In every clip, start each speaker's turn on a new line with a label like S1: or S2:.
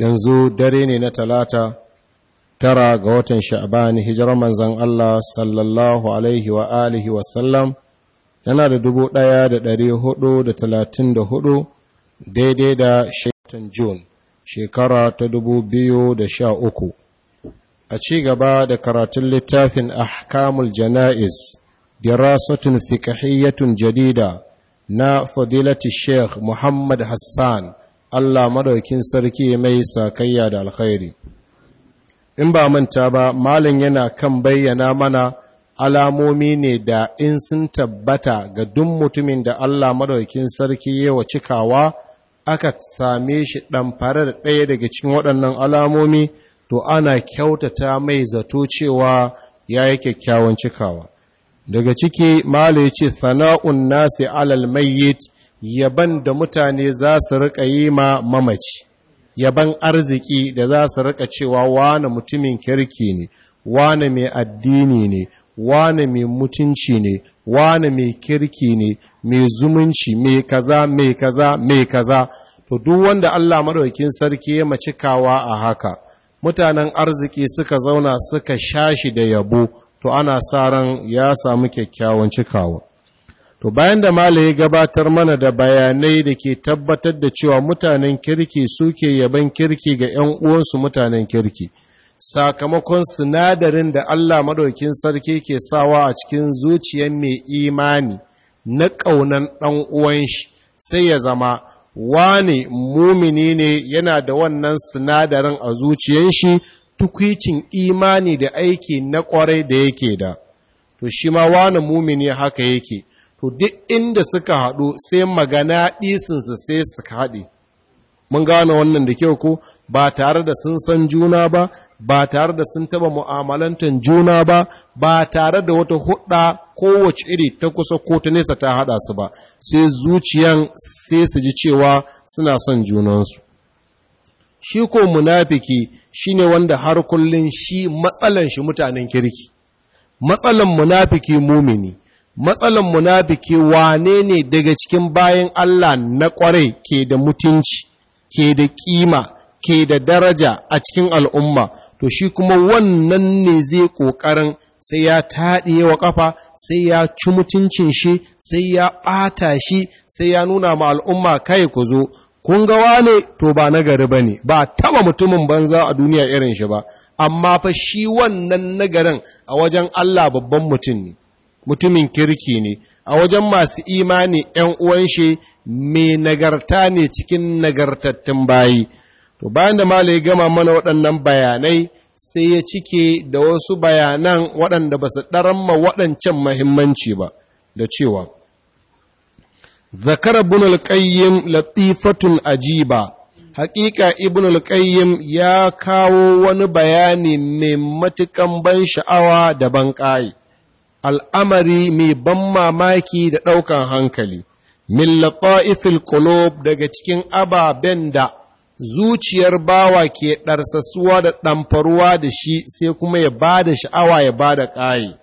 S1: yanzu dare ne na talata tara ga watan sha'ban hijirar manzan Allah sallallahu alaihi wa alihi wasallam yana da dubu ɗaya da ɗari hudu da talatin da hudu daidai da shekatan jun shekara ta dubu biyu da sha uku a ci gaba da karatun littafin ahkamul jana'iz dirasatun fiƙahiyyatun jadida na fadilati sheikh muhammad hassan Allah madaukin sarki mai sakayya da alkhairi in ba manta ba malin yana kan bayyana mana alamomi ne da in sun tabbata ga duk mutumin da Allah madaukin sarki yawa cikawa aka same shi dan farar ɗaya daga cikin waɗannan alamomi to ana kyautata mai zato cewa ya yi kyakkyawan cikawa daga ciki Malam yace, ce sana'un nasi alal mayyit yaban da mutane za su riƙa yi ma mamaci yaban arziki da za su riƙa cewa wane mutumin kirki ne wane mai addini ne wane mai mutunci ne wane mai kirki ne mai zumunci mai kaza mai kaza mai kaza to duk wanda Allah maɗaukin sarki ya macikawa a haka mutanen arziki suka zauna suka shashi da yabo to ana sa ran ya samu kyakkyawan cikawa To bayan da Mala ya gabatar mana da bayanai da ke tabbatar da cewa mutanen kirki suke yaban kirki ga ‘yan uwansu mutanen kirki, sakamakon sinadarin da Allah maɗaukin sarki ke sawa a cikin zuciyar mai imani na ƙaunan ɗan uwan shi sai ya zama wani mumini ne yana da wannan sinadarin a zuciyar shi tukwicin imani da aiki na ƙwarai da yake da. To shi ma wane mumini haka yake. to duk inda suka haɗu sai magana ɗisinsu sai suka haɗe mun gane wannan da kyau ko ba tare da sun san juna ba ba tare da sun taba mu'amalantar juna ba ba tare da wata hudda kowace iri ta kusa ko ta nesa ta haɗa su ba sai zuciyan sai su ji cewa suna son junansu shi ko munafiki ne wanda har kullum shi matsalan shi mutanen kirki matsalan munafiki mumini matsalan munafiki wane ne daga cikin bayan Allah na kwarai ke da mutunci ke da kima, ke da daraja a cikin al'umma to shi kuma wannan ne zai ƙoƙarin sai ya taɗe wa ƙafa sai ya ci mutuncin shi sai ya ɓata shi sai ya nuna ma al'umma kai ku zo kun ga wane to ba nagari ba ne ba taɓa mutumin banza a duniya irin shi ba amma fa shi wannan nagarin a wajen Allah babban mutum ne mutumin kirki ne a wajen masu imani ‘yan uwan shi mai nagarta ne cikin nagartattun bayi to bayan da mala ya gama mana waɗannan bayanai sai ya cike da wasu bayanan waɗanda ba su ɗaramma waɗancan mahimmanci ba da cewa zakara bunul qayyim latifatun ajiba haƙiƙa ibnul qayyim ya kawo wani bayani mai matukan ban sha'awa da ban ƙayi al'amari mai ban mamaki da ɗaukan hankali, min laƙa'ifil ƙulob daga cikin ababen da zuciyar bawa ke ɗarsasuwa da ɗamfaruwa da shi sai kuma ya ba da sha'awa ya ba da ƙayi.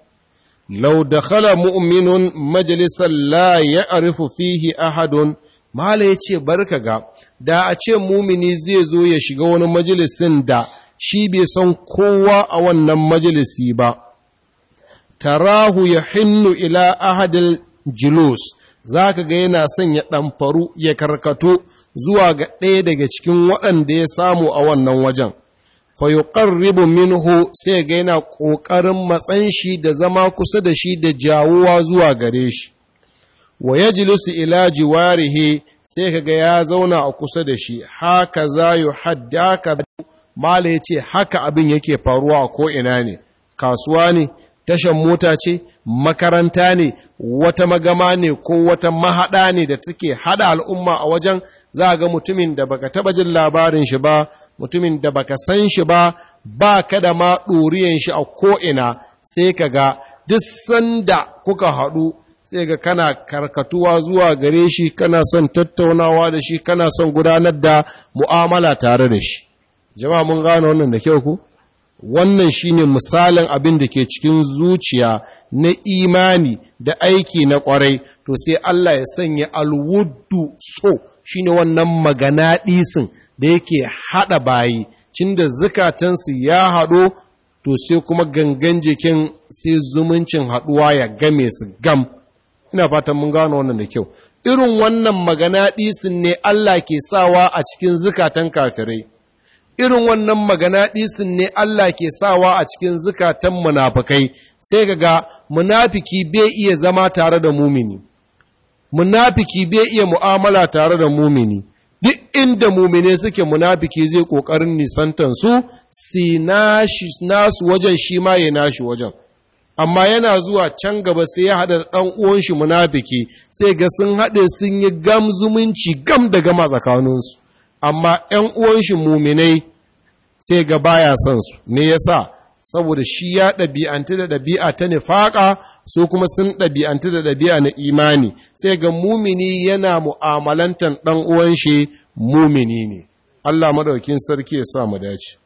S1: Lau da khala mu'minun majalisar la ya arifu fihi ahadun, Mala ya ce, Barka ga, da a ce mumini zai zo ya shiga wani majalisin da shi bai san kowa a wannan majalisi ba. tarahu ya hinnu ila ahadil julus za ka ga yana son ya ɗamfaru ya karkato zuwa ga daga cikin waɗanda ya samu a wannan wajen fayuqarribu minhu sai ga yana ƙoƙarin matsan shi da zama kusa da shi da jawowa zuwa gare shi wa ya ila jiwarihi sai kaga ya zauna a kusa da shi haka za yu haddaka mala yace haka abin yake faruwa a ko ina ne kasuwa ne tashan mota ce makaranta ne wata magama ne ko wata mahaɗa ne da suke haɗa al'umma a wajen za a ga mutumin da baka taɓa jin labarin shi ba mutumin da baka san shi ba ba ka da ma ɗoriyan shi a ko'ina sai ka ga duk sanda kuka haɗu sai ga kana karkatuwa zuwa gare shi kana son tattaunawa da shi kana son gudanar da mu'amala tare da shi jama'a mun gano wannan da kyau ku wannan shine misalin abin da ke cikin zuciya na imani da aiki na kwarai to sai Allah ya sanya alwuddu so shine wannan magana ɗisin da yake haɗa bayi da zukatansu ya haɗo to sai kuma gangan jikin sai zumuncin haɗuwa ya game su gam ina fatan mun gano wannan da kyau irin wannan magana ɗisin ne Allah ke sawa a cikin zukatan kafirai irin wannan magana ɗisin ne Allah ke sawa a cikin zukatan munafukai sai ga munafiki bai iya zama tare da mumini munafiki bai iya mu'amala tare da mumini duk inda mumine suke munafiki zai ƙoƙarin nisantan su si nasu wajen shi ma ya nashi wajen amma yana zuwa can gaba sai ya haɗa ɗan uwan shi munafiki sai ga sun haɗe sun yi gam zumunci gam da gama tsakaninsu amma ‘yan uwanshi muminai sai ga baya son su, ne ya sa saboda shi ya ɗabi'antu da ɗabi'a ta nifaƙa su kuma sun ɗabi'antu da ɗabi'a na imani, sai ga mumini yana mu'amalantar ɗan shi mumini ne. Allah maɗaukin sarki ya sa mu dace.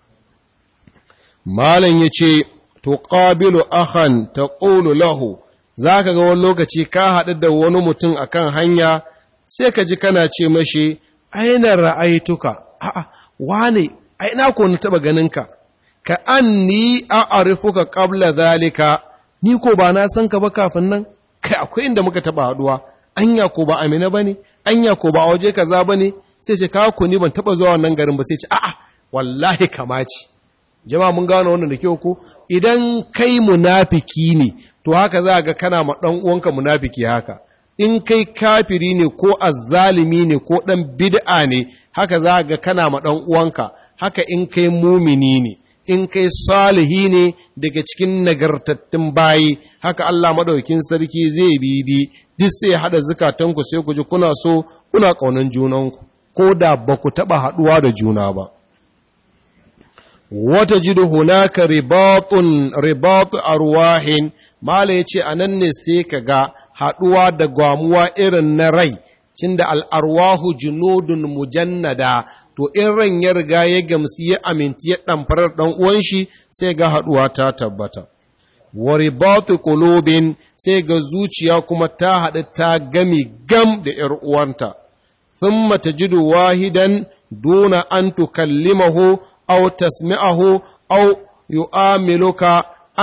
S1: Malam ya ce, Tuƙabilu ahan ta lahu, za ka ga wani lokaci ka haɗu da wani mutum a kan hanya, sai ka ji kana ce mashi, aina ra'aituka a'a wane aina ko na taba ganin ka ka anni a'rifuka qabla zalika ni ko ba na san ka ba kafin nan kai akwai inda muka taba haduwa anya ko ba amina bane anya ko ba a waje kaza bane sai ce ka ko ni ban taba zuwa wannan garin ba sai ce a'a wallahi kamaci jama'a mun gano wannan da kyau ko idan kai munafiki ne to haka za ga kana ma dan uwanka munafiki haka in kai kafiri ne ko azzalimi ne ko ɗan bid'a ne haka za ga kana ma ɗan uwanka haka in kai mumini ne in kai salihi ne daga cikin nagartattun bayi haka Allah maɗaukin sarki zai bibi duk sai hada zukatanku sai ku ji kuna so kuna kaunan junanku ko da ba ku taba haduwa da juna ba wata jidu hunaka ribatun ribatu arwahin mala yace nan ne sai ka ga haɗuwa da gwamuwa irin na rai cin da al'arwahu junudun mujannada to in ran ya riga ya gamsi ya aminti ya ɗamfarar ɗan uwan shi sai ga haɗuwa ta tabbata Wari ribatu qulubin sai ga zuciya kuma ta haɗu ta gami gam da ‘yar uwanta thumma tajidu wahidan dona an tukallimahu aw tasmi'ahu aw yu'amiluka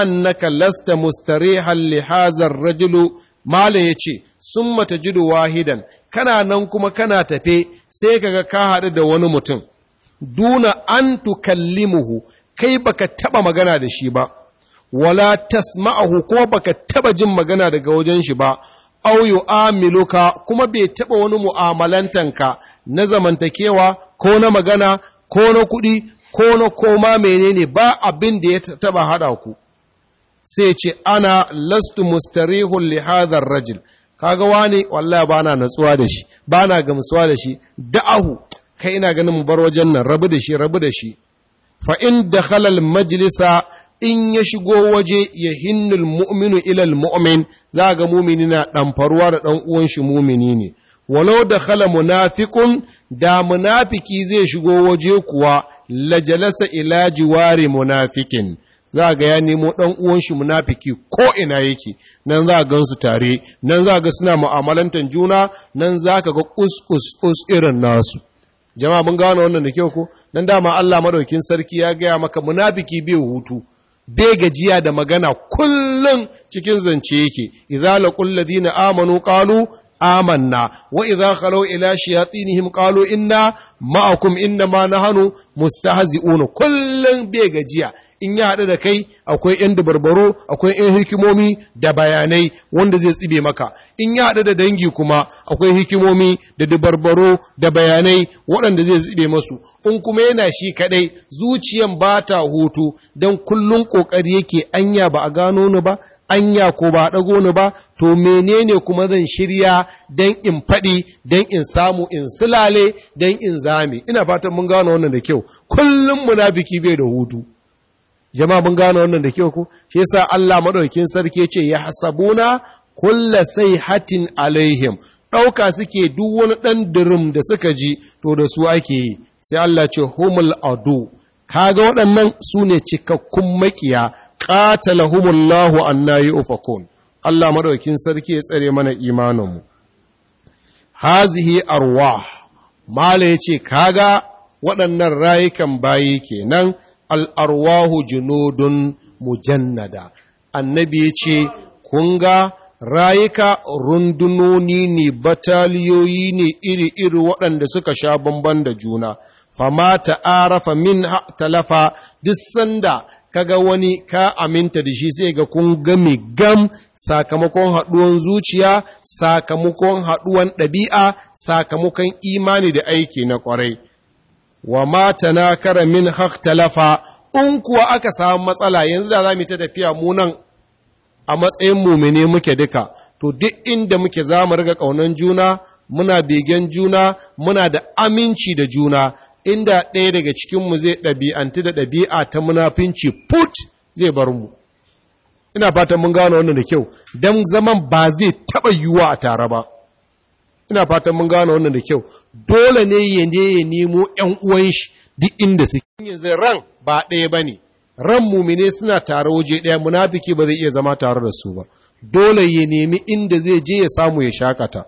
S1: annaka lasta mustarihan li hadha ar-rajulu Mala ya ce, Sun mata jidu wahidan, kana nan kuma kana tafe sai kaga ka haɗu da wani mutum, duna an tukallimuhu, kai baka taɓa magana da shi ba, wala tasma'ahu kuma baka taɓa jin magana daga wajen shi ba, a miluka kuma bai taɓa wani mu'amalantanka na zamantakewa ko na magana ko na kuɗi ko na koma menene ba abin da ya taɓa haɗa ku. sai ce ana lastu mustarihun li hadhar rajul kaga wani wallahi bana natsuwa da shi bana gamsuwa da shi da'ahu kai ina ganin mu bar wajen nan rabu da shi rabu da shi fa in dakhala al majlisa in ya shigo waje ya hinnul mu'minu ilal mu'min za ga mumini na faruwa da ɗan uwan shi mumini ne walau da khala munafikun da munafiki zai shigo waje kuwa lajalasa ila jiwari munafikin za ga ya nemo ɗan uwan shi munafiki ko ina yake nan za gan su tare nan za ga suna mu'amalantar juna nan za ka ga kus us irin nasu jama'a mun gano wannan da kyau ko nan dama Allah madaukin sarki ya gaya maka munafiki bai hutu bai gajiya da magana kullum cikin zance yake idza laqul ladina amanu qalu amanna wa idza khalaw ila shayatinihim qalu inna ma'akum inna ma nahnu mustahzi'un kullum bai gajiya in ya haɗu da kai akwai ‘yan dabarbaro akwai ‘yan hikimomi da bayanai wanda zai tsibe maka in ya haɗu da dangi kuma akwai hikimomi da dabarbaro da bayanai waɗanda zai tsibe masu in kuma yana shi kaɗai zuciyan ba ta hutu don kullum ƙoƙari yake anya ba a gano ni ba anya ko ba a ɗago ni ba to menene kuma zan shirya don in faɗi don in samu in silale don in zame ina fatan mun gano wannan da kyau kullum munafiki bai da hutu jama'a mun gano wannan da kyau ko shi yasa Allah madaukakin sarki ce ya hasabuna kullu sayhatin alaihim ɗauka suke duk wani ɗan dirim da suka ji to da su ake yi sai Allah ce humul adu kaga waɗannan su ne cikakkun makiya qatalahumullahu humullahu anna yufakun Allah madaukakin sarki ya tsare mana imanin mu hazihi arwah mala yace kaga waɗannan rayukan bayi kenan al'arwahu junudun mujannada annabi ya ce kun rayuka rundunoni ne bataliyoyi ne iri-iri waɗanda suka sha bamban da juna fama ta'arafa min talafa duk sanda kaga wani ka aminta da shi sai ga kun mi gam sakamakon haɗuwan zuciya sakamakon haɗuwan ɗabi'a sakamakon imani da aiki na ƙwarai wa mata na kara min talafa in kuwa aka samu matsala yanzu da za mu ta tafiya mu nan a matsayin mumine muke duka to duk inda muke za mu riga ƙaunan juna muna begen juna muna da aminci da juna inda ɗaya daga cikinmu zai ɗabi'anti da ɗabi'a ta munafinci put zai bar mu ina fatan mun gano wannan da kyau don zaman ba zai taɓa yiwuwa a tare ba ina fatan mun gane wannan da kyau dole ne ya ne ya nemo ƴan uwan shi duk inda suke yanzu ran ba ɗaya bane ran mumine suna tare waje ɗaya munafiki ba zai iya zama tare da su ba dole ya nemi inda zai je ya samu ya shakata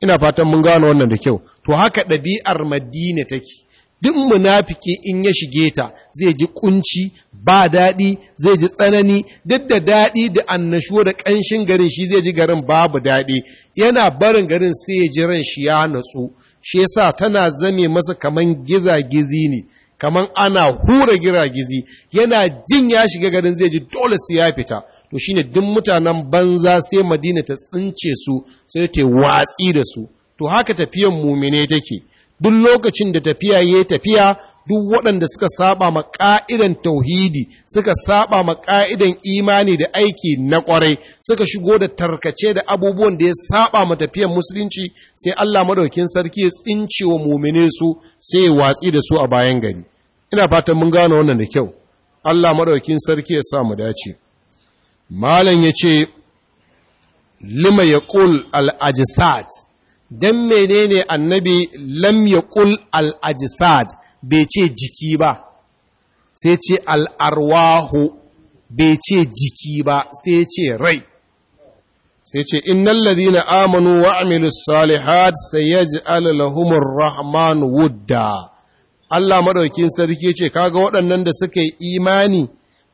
S1: ina fatan mun gane wannan da kyau to haka ɗabi'ar madina take duk munafiki in ya shige ta zai ji kunci ba daɗi zai ji tsanani duk da daɗi da annashuwa da ƙanshin garin shi zai ji garin babu daɗi yana barin garin sai ya ji ran shi ya natsu shi yasa tana zame masa kaman gizagizi ne kaman ana hura giragizi yana jin ya shiga garin zai ji dole sai ya fita to shine duk mutanen banza sai madina ta tsince su sai ta watsi da su to haka tafiyan mumine take duk lokacin da tafiya ya tafiya duk waɗanda suka saba ma ƙa'idan tauhidi suka saba ma ƙa'idan imani da aiki na ƙwarai suka shigo da tarkace da abubuwan da ya saba ma tafiyan musulunci sai Allah madaukin sarki ya tsince wa mumine su sai ya watsi da su a bayan gari ina fatan mun gane wannan da kyau Allah madaukin sarki ya sa mu dace malam ce, lima ya al ajsad don menene annabi lam ya ƙul al'ajisad bai ce jiki ba sai ce al'arwahu bai ce jiki ba sai ce rai sai ce innan ladina amanu wa amilus salihat sai ya ji alalahumar rahman wudda Allah maɗaukin sarki ce kaga waɗannan da suka yi imani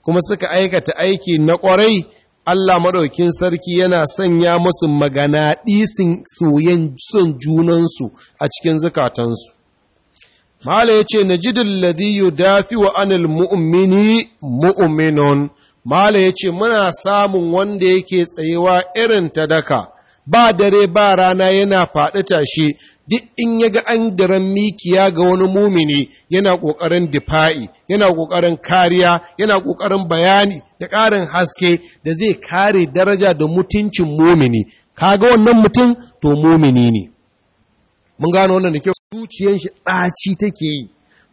S1: kuma suka aikata aiki na ƙwarai Allah maɗaukin sarki yana sanya musu magana ɗisin soyen son junansu a cikin zukatansu. Mala ya ce, Najidin ladiyu dafi wa anil mu’ummini mu'minon, Mala ya ce, Muna samun wanda yake tsayewa irin ta daka, ba dare ba rana yana faɗi tashi, duk in yaga ga an daren mikiya ga wani mumini yana ƙoƙarin difa'i, yana ƙoƙarin kariya yana ƙoƙarin bayani da ƙarin haske da zai kare daraja da mutuncin mumini kaga wannan mutum to mumini ne mun gano wannan da kyau zuciyan shi ɗaci take yi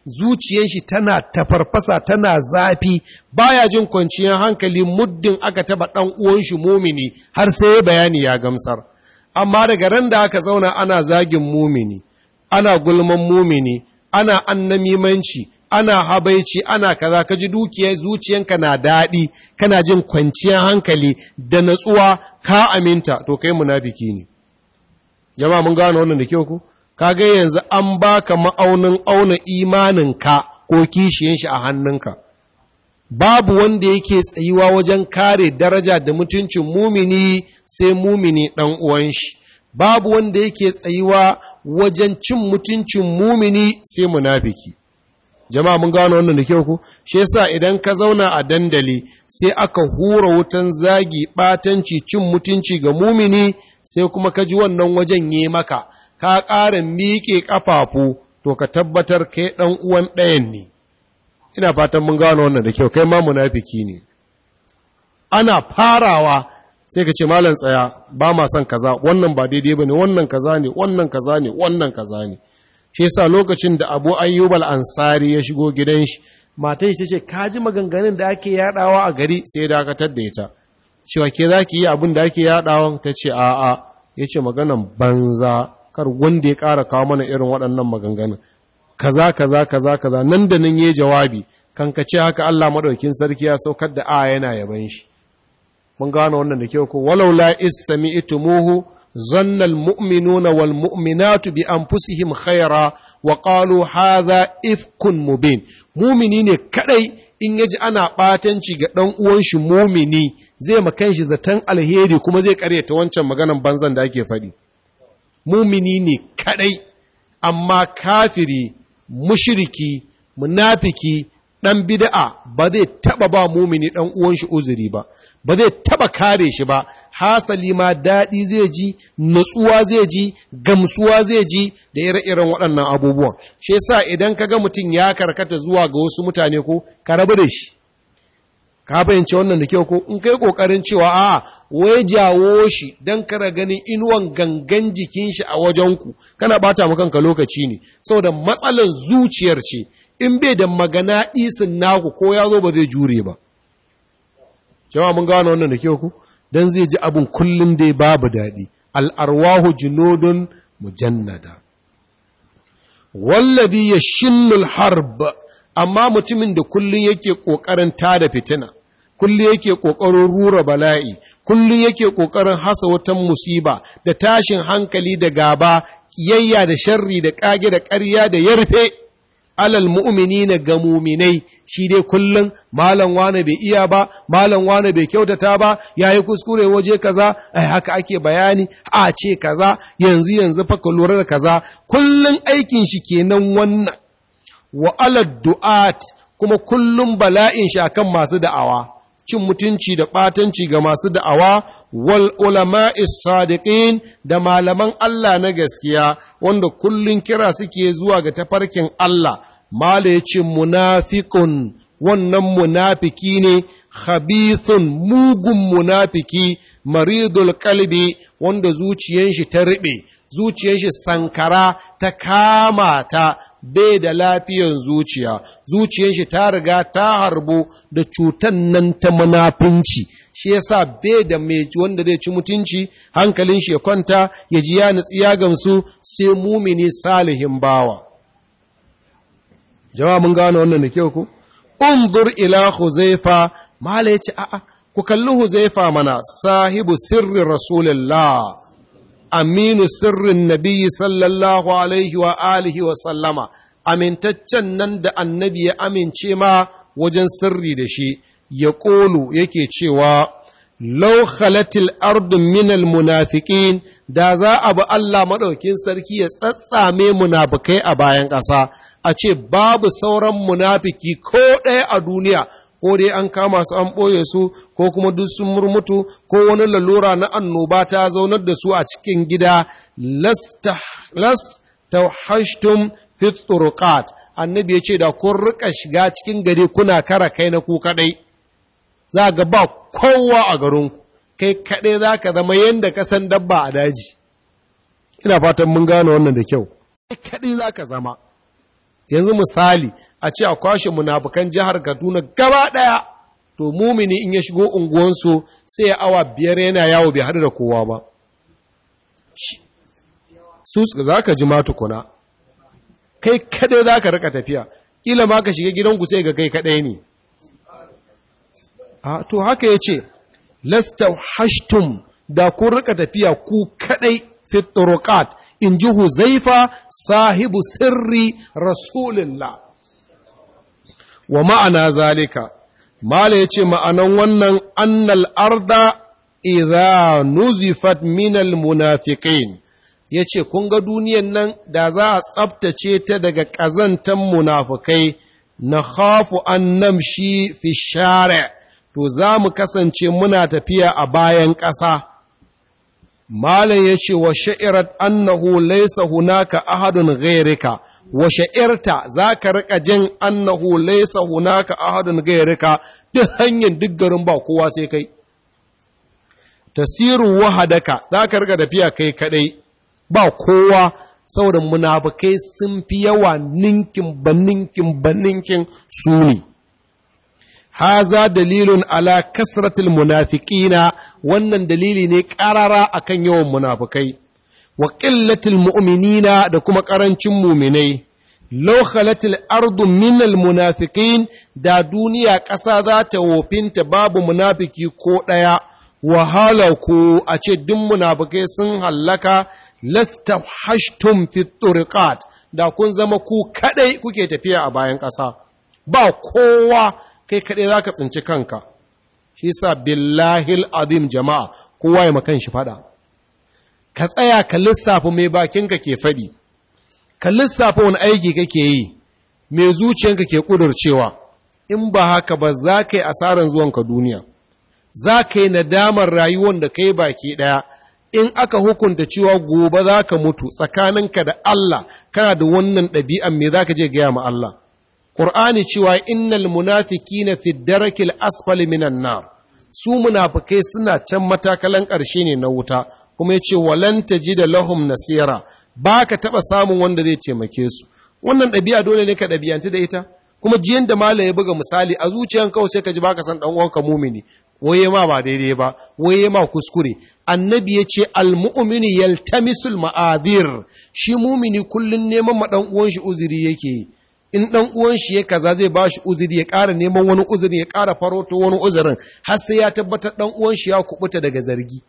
S1: zuciyar shi tana tafarfasa tana zafi baya jin kwanciyar hankali muddin aka taba dan uwan shi mumini har sai bayani ya gamsar amma daga ran da aka zauna ana zagin mumini ana gulman mumini ana annamimanci ana habaici ana kaza ka ji dukiyar zuciyanka na daɗi kana jin kwanciyar hankali da natsuwa ka aminta to kai munafiki ne jama'a mun gano wannan da kyau ku ga yanzu an baka ma'aunin auna ka ko kishiyan shi a hannunka babu wanda yake tsayuwa wajen kare daraja da mutuncin mumini sai mumini dan uwan shi babu wanda yake tsayuwa wajen cin mutuncin mumini sai munafiki jama'a mun gano wannan da kyau ku shi yasa idan ka zauna a dandali sai aka hura wutan zagi batanci cin mutunci ga mumini sai kuma ka ji wannan wajen yi maka ka ƙara miƙe ƙafafu to ka tabbatar kai ɗan uwan ɗayan ne ina fatan mun gano wannan da kyau kai ma munafiki ne ana farawa sai ka ce malam tsaya ba ma son kaza wannan ba daidai bane wannan kaza ne wannan kaza ne wannan kaza ne shi yasa lokacin da abu ayyub ansari ya shigo gidan shi matan shi ce ka ji maganganun da ake yadawa a gari sai da dakatar da ita cewa ke zaki yi abin da ake yadawa ta ce a'a yace maganan banza kar wanda ya ƙara kawo mana irin waɗannan maganganun kaza kaza kaza kaza nan da nan yayi jawabi ce haka Allah maɗaukin sarki ya saukar da a yana yaban shi mun gano wannan da kyau ko walaula is sami'tumuhu ظن المؤمنون والمؤمنات بأنفسهم خيرا وقالوا هذا إفك مبين ne kaɗai in yaji ana ɓatanci ga ɗan uwanshi shi mumini zai makan shi zaton alheri kuma zai karya ta wancan maganar banzan da ake faɗi mumini ne kaɗai amma kafiri mushiriki munafiki ɗan bida'a ba zai taɓa ba mumini ɗan uwanshi uzuri ba ba zai taɓa kare shi ba hasali ma daɗi zai ji nutsuwa zai ji gamsuwa zai ji da ire-iren waɗannan abubuwan shi yasa idan ka ga mutum ya karkata zuwa ga wasu mutane ko ka rabu da shi ka bayyance wannan da kyau ko in kai kokarin cewa a wai jawo shi dan kara ganin inuwan gangan jikin shi a wajen ku kana bata mu kanka lokaci ne saboda matsalan zuciyar ce in bai da magana isin naku ko ya zo ba zai jure ba jama'a mun gano wannan da kyau ku don zai ji abin kullum dai babu daɗi al'arwahu jinodun mujannada Wallabi ya shillul harba, amma mutumin da kullum yake ƙoƙarin tada fitina kullum yake ƙoƙarin rura bala'i kullum yake ƙoƙarin hasa watan musiba da tashin hankali da gaba ƙiyayya da sharri da ƙage da ƙarya da yarfe alal ne ga muminai shi dai kullum malam wane bai iya ba malam wane bai kyautata ba yayi kuskure waje kaza ai haka ake bayani a ce kaza yanzu yanzu fa ka lura da kaza kullum aikin shi kenan wannan wa alad du'at kuma kullum bala'in shi akan masu da'awa cin mutunci da ɓatanci ga masu da'awa wal ulama sadiqin da malaman Allah na gaskiya wanda kullun kira suke zuwa ga tafarkin Allah mala ya ce munafiqun wannan munafiki ne khabithun mugun munafiki maridul kalbi wanda zuciyanshi ta ruɓe zuciyanshi sankara ta kamata. bai da lafiyan zuciya zuciyar shi ta riga ta harbo da cutan nan ta munafinci shi yasa bai da mai wanda zai ci mutunci hankalin shi ya kwanta ya ji ya nutsi ya gamsu sai mumini salihin bawa jama'a mun gano wannan da kyau ku Umdur ila huzaifa mala a'a ku kalli huzaifa mana sahibu sirri rasulullah aminu sirrin Nabiyyu sallallahu alaihi wa alihi wa sallama amintaccen nan da annabi ya amince ma wajen sirri da shi ya ƙolu yake cewa lau khalatil ardun minal munafiqin da za a bi Allah maɗaukin sarki ya tsatsame munafikai a bayan ƙasa a ce babu sauran munafiki ko ɗaya a duniya ko dai an kama su an ɓoye su ko kuma duk sun murmutu ko wani lalura na annoba ta zaunar da su a cikin gida las tauhashtum fit turuqat annabi ya ce da kun rika shiga cikin gari kuna kara kai na ku kadai za ga ba kowa a garinku kai kadai za ka zama yadda ka san dabba a daji ina fatan mun gane wannan da kyau Kai kadai za ka zama yanzu misali a ce a kwashe munafukan jihar kaduna gaba ɗaya to mumini in ya shigo unguwansu sai ya awa biyar yana yawo bai haɗu da kowa ba su za ka ji matukuna kai kadai za ka rika tafiya ila ma ka shiga gidanku sai ga kai kadai ne to haka ya ce lasta hashtum da kun rika tafiya ku kadai fit in ji huzaifa sahibu sirri rasulillah wa ma'ana zalika mala ya ce ma'anan wannan annal arda idha nuzifat minal munafiqin ya ce kun ga duniyan nan da za a tsabtace ta daga ƙazantan munafukai na hafu an namshi fi share to za mu kasance muna tafiya a bayan ƙasa malam ya ce wa sha'irat annahu laisa hunaka ahadun gairika, wa sha'irta za ka riƙa jin annahu laisa hunaka ahadun gairika duk hanyar duk garin ba kowa sai kai tasiru wahadaka za ka riƙa tafiya kai kaɗai ba kowa saboda munafukai sun fi yawa ninkin ba ninkin ba ninkin su haza dalilun ala kasratil munafiqina wannan dalili ne ƙarara akan yawan munafukai wa qillatil mu'minina da kuma ƙarancin muminai law khalatil ardu minal munafiqin da duniya ƙasa za ta wofinta babu munafiki ko ɗaya wa halaku a ce duk munafikai sun hallaka lastahashtum fi turiqat da kun zama ku kadai kuke tafiya a bayan ƙasa ba kowa kai kaɗai za ka tsinci kanka shi sa billahil azim jama'a kowa ya makan shi faɗa ka tsaya ka lissafi mai bakinka ke faɗi ka lissafa wani aiki kake yi mai zuciyanka ke ƙudurcewa in ba haka ba za ka yi asarar zuwanka duniya za ka yi nadamar rayuwar da kai baki ɗaya in aka hukunta cewa gobe za ka mutu tsakaninka da Allah kana da wannan ɗabi'an me za ka je gaya ma Allah ƙur'ani cewa innal na fi darakil asfali minan nar su munafikai suna can matakalan ƙarshe ne na wuta kuma ya ce walan ji da lahum nasira ba ka taɓa samun wanda zai taimake su wannan ɗabi'a dole ne ka ɗabi'anci da ita kuma jiyan da mala ya buga misali a zuciyan kawai sai ka ji baka san ɗan uwanka mumini waye ma ba daidai ba waye ma kuskure annabi ya ce mumini yaltamisul ma'abir shi mumini kullun neman ma ɗan uwan shi uzuri yake in ɗan uwan shi ya kaza zai ba shi uzuri ya ƙara neman wani uzuri ya ƙara faroto wani uzurin har sai ya tabbatar ɗan uwan shi ya kubuta daga zargi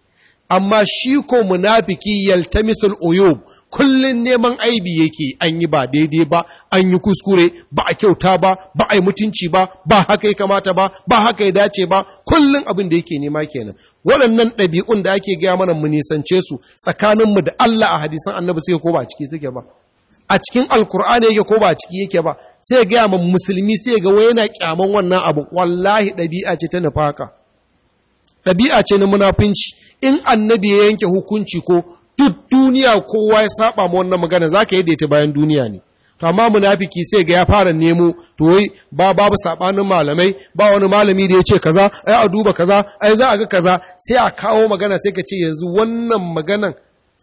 S1: amma shi ko munafiki yaltamisul uyub kullun neman aibi yake an yi ba daidai ba an yi kuskure ba a kyauta ba ba a yi mutunci ba ba haka ya kamata ba ba haka ya dace ba kullun abin da yake nema kenan waɗannan ɗabi'un da ake gaya mana mu nisance su tsakaninmu da Allah a hadisan annabi suke, ko ba ciki suke ba a cikin alkur'ani yake ko ba ciki yake ba sai gaya ma musulmi sai ga wai yana kyaman wannan abu wallahi ɗabi'a ce ta nufaka ɗabi'a ce na munafinci in annabi ya yanke hukunci ko duk duniya kowa ya saba ma wannan magana zaka yi daita bayan duniya ne to amma munafiki sai ga ya fara nemo to wai ba babu sabanin malamai ba wani malami da ya ce kaza ai a duba kaza ai za a ga kaza sai a kawo magana sai ka ce yanzu wannan maganan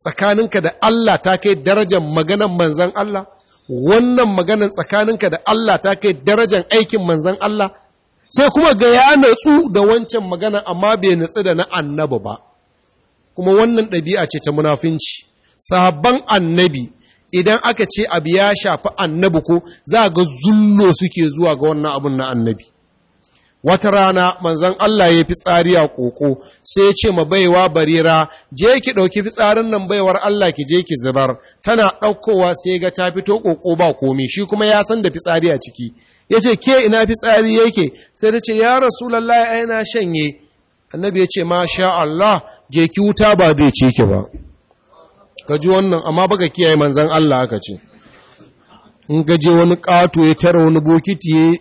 S1: tsakaninka da Allah ta kai darajar maganan manzan Allah wannan maganan tsakaninka da Allah ta kai darajar aikin manzan Allah sai kuma ga ya natsu da wancan magana amma bai natsu da na annabi ba kuma wannan ɗabi'a ce ta munafinci Sabon annabi idan aka ce abu ya shafi annabi ko za ga zullo suke zuwa ga wannan abun na annabi wata rana manzon Allah ya tsari a koko sai ya ce ma baiwa barira je ki ɗauki fitsarin nan baiwar Allah ki je ki zubar tana ɗaukowa sai ga ta fito koko ba komi shi kuma ya san da fitsari a ciki ya ce ke ina fitsari yake sai ta ce ya rasulallah ai na shanye annabi ya ce masha Allah je ki wuta ba zai ce ki ba ka ji wannan amma baka kiyaye manzan Allah aka ce in gaje wani ƙato ya tara wani bokiti ya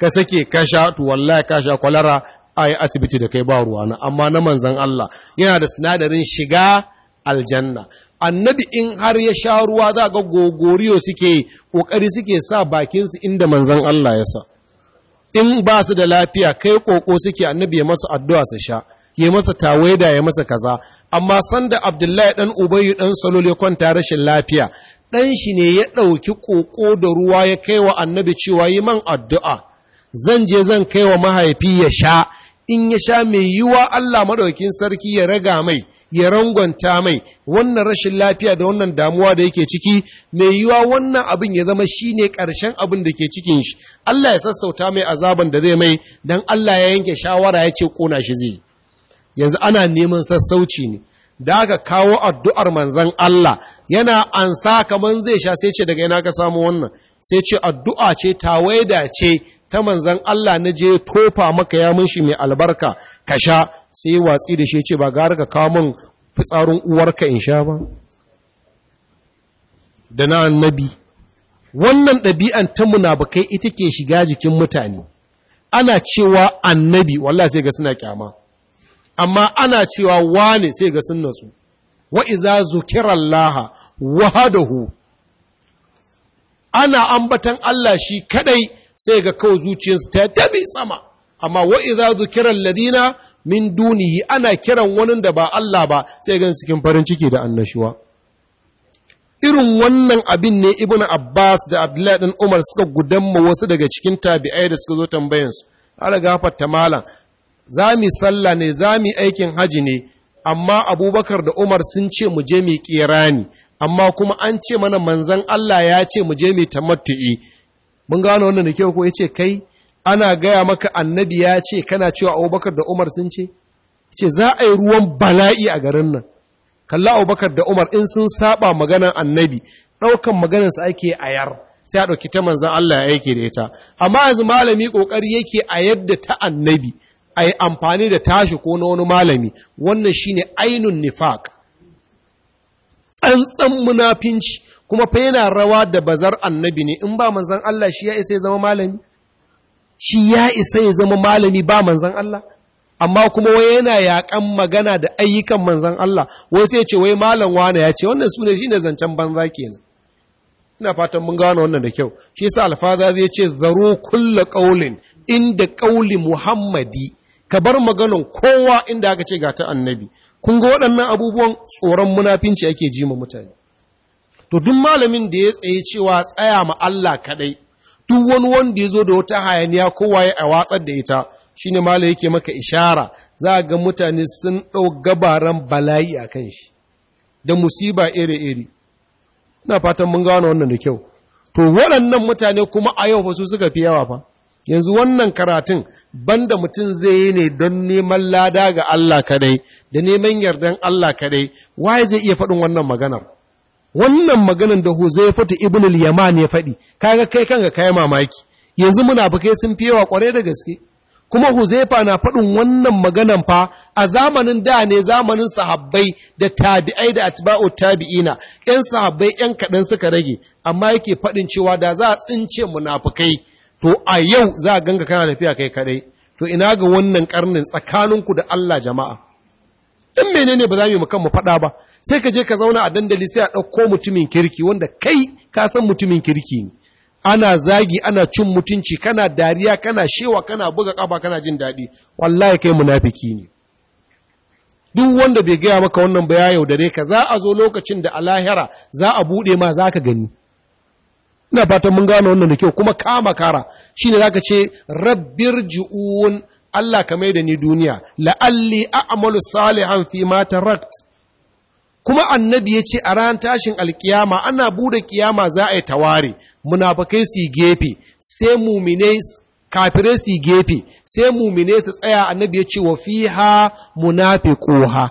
S1: ka sake ka sha to wallahi ka sha kwalara a yi asibiti da kai ba ruwa na. amma na manzan Allah yana da sinadarin shiga aljanna annabi in har ya sha ruwa za ga gogoriyo suke kokari suke sa bakinsu inda manzan Allah ya sa in ba su da lafiya kai koko suke annabi ya masa addu'a su sha ya masa tawaida ya masa kaza amma sanda abdullahi ɗan ubayu dan Salo ya kwanta rashin lafiya ɗan shi ne ya ɗauki koko da ruwa ya kai wa annabi cewa yi man addu'a zan je zan kai wa mahaifi ya sha in ya sha mai yiwa Allah madaukin sarki ya raga mai ya rangwanta mai wannan rashin lafiya da wannan damuwa da yake ciki mai yiwa wannan abin ya zama shine karshen abin da ke cikin shi Allah ya sassauta mai azaban da zai mai dan Allah ya yanke shawara ya ce kona shi zai yanzu ana neman sassauci ne da aka kawo addu'ar manzan Allah yana ansa kamar zai sha sai ce daga yana ka samu wannan sai ce addu'a ce tawaida ce ta manzan Allah na je tofa maka ya mun shi mai albarka ka sha sai watsi da shi ce ba gari ka kawo min fitsarin uwarka in sha ba da na annabi wannan ɗabi'an ta muna bakai ita ke shiga jikin mutane ana cewa annabi wallahi sai ga suna kyama amma ana cewa wa wane sai ga sun natsu wa iza zukirallaha wahadahu ana ambatan Allah shi kadai sai ga kawai zuciyarsu ta tabi sama amma wa idza zukira alladina min dunihi ana kiran wani da ba Allah ba sai ga cikin farin ciki da annashuwa irin wannan abin ne ibn abbas da abdullahi dan umar suka gudanma wasu daga cikin tabi'ai da suka zo tambayansu ala gafarta malam za mu sallah ne za aikin haji ne amma abubakar da umar sun ce mu je mu kirani amma kuma an ce mana manzan Allah ya ce mu je mu tamattu'i mun gano wannan da kyau ko ya ce kai ana gaya maka annabi ya ce kana cewa Abubakar da Umar sun ce ce za a yi ruwan bala'i a garin nan kalla Abubakar da Umar in sun saba maganan annabi ɗaukan maganarsa ake a yar. sai a ɗauki ta manzan Allah ya aike da ita amma yanzu malami ƙoƙari yake a yadda ta annabi a yi amfani da tashi ko na wani malami wannan shine ainun nifaq tsantsan munafinci kuma fa yana rawa da bazar annabi ne in ba manzan Allah shi ya isa ya zama malami shi ya isa ya zama malami ba manzan Allah amma kuma wai yana yaƙan magana da ayyukan manzan Allah wai sai ce wai malam wane ya ce wannan sune shine zancen banza kenan ina fatan mun gano wannan da kyau shi yasa alfaza zai ce zaro kullu qaulin inda qauli muhammadi ka bar maganan kowa inda aka ce ga ta annabi kun ga waɗannan abubuwan tsoron munafinci ake ji ma mutane to duk malamin da ya tsaye cewa tsaya ma Allah kadai duk wani wanda ya zo da wata hayaniya kowa a watsar da ita shine malai yake maka ishara za ga mutane sun ɗau gabaran bala'i a kan shi da musiba iri-iri ina fatan mun gano wannan da kyau to waɗannan mutane kuma a yau su suka fi yawa fa yanzu wannan karatun banda mutum zai yi ne don neman lada ga Allah kadai da neman yardan Allah kadai waye zai iya faɗin wannan maganar wannan maganan da Huzaifatu ibn al-Yaman ya faɗi kaga kai kanka kai mamaki yanzu munafikai sun fi yawa kware da gaske kuma Huzaifa na faɗin wannan maganan fa a zamanin da ne zamanin sahabbai da tabi'ai da atba'u tabi'ina ƴan sahabbai ƴan kaɗan suka rage amma yake faɗin cewa da za a tsince munafukai, to a yau za a ganga kana tafiya kai kaɗai to ina ga wannan ƙarnin tsakaninku da Allah jama'a dan menene ba za mu kan mu faɗa ba sai ka je ka zauna a dandali sai a ɗauko mutumin kirki wanda kai ka san mutumin kirki ne ana zagi ana cin mutunci kana dariya kana shewa kana buga ƙafa kana jin daɗi wallahi kai munafiki ne duk wanda bai gaya maka wannan ba ya yaudare ka za a zo lokacin da a lahira za a buɗe ma za ka gani ina fatan mun gane wannan da kyau kuma kama kara shine zaka ce rabbir ju'un Allah ka mai da ni duniya la'alli a'malu salihan fi mata rakt. kuma annabi ya ce a ran tashin alkiyama ana bude kiyama za a yi taware munafakai su gefe sai mumine kafire su gefe sai mumine su tsaya annabi ya ce wa fiha munafiquha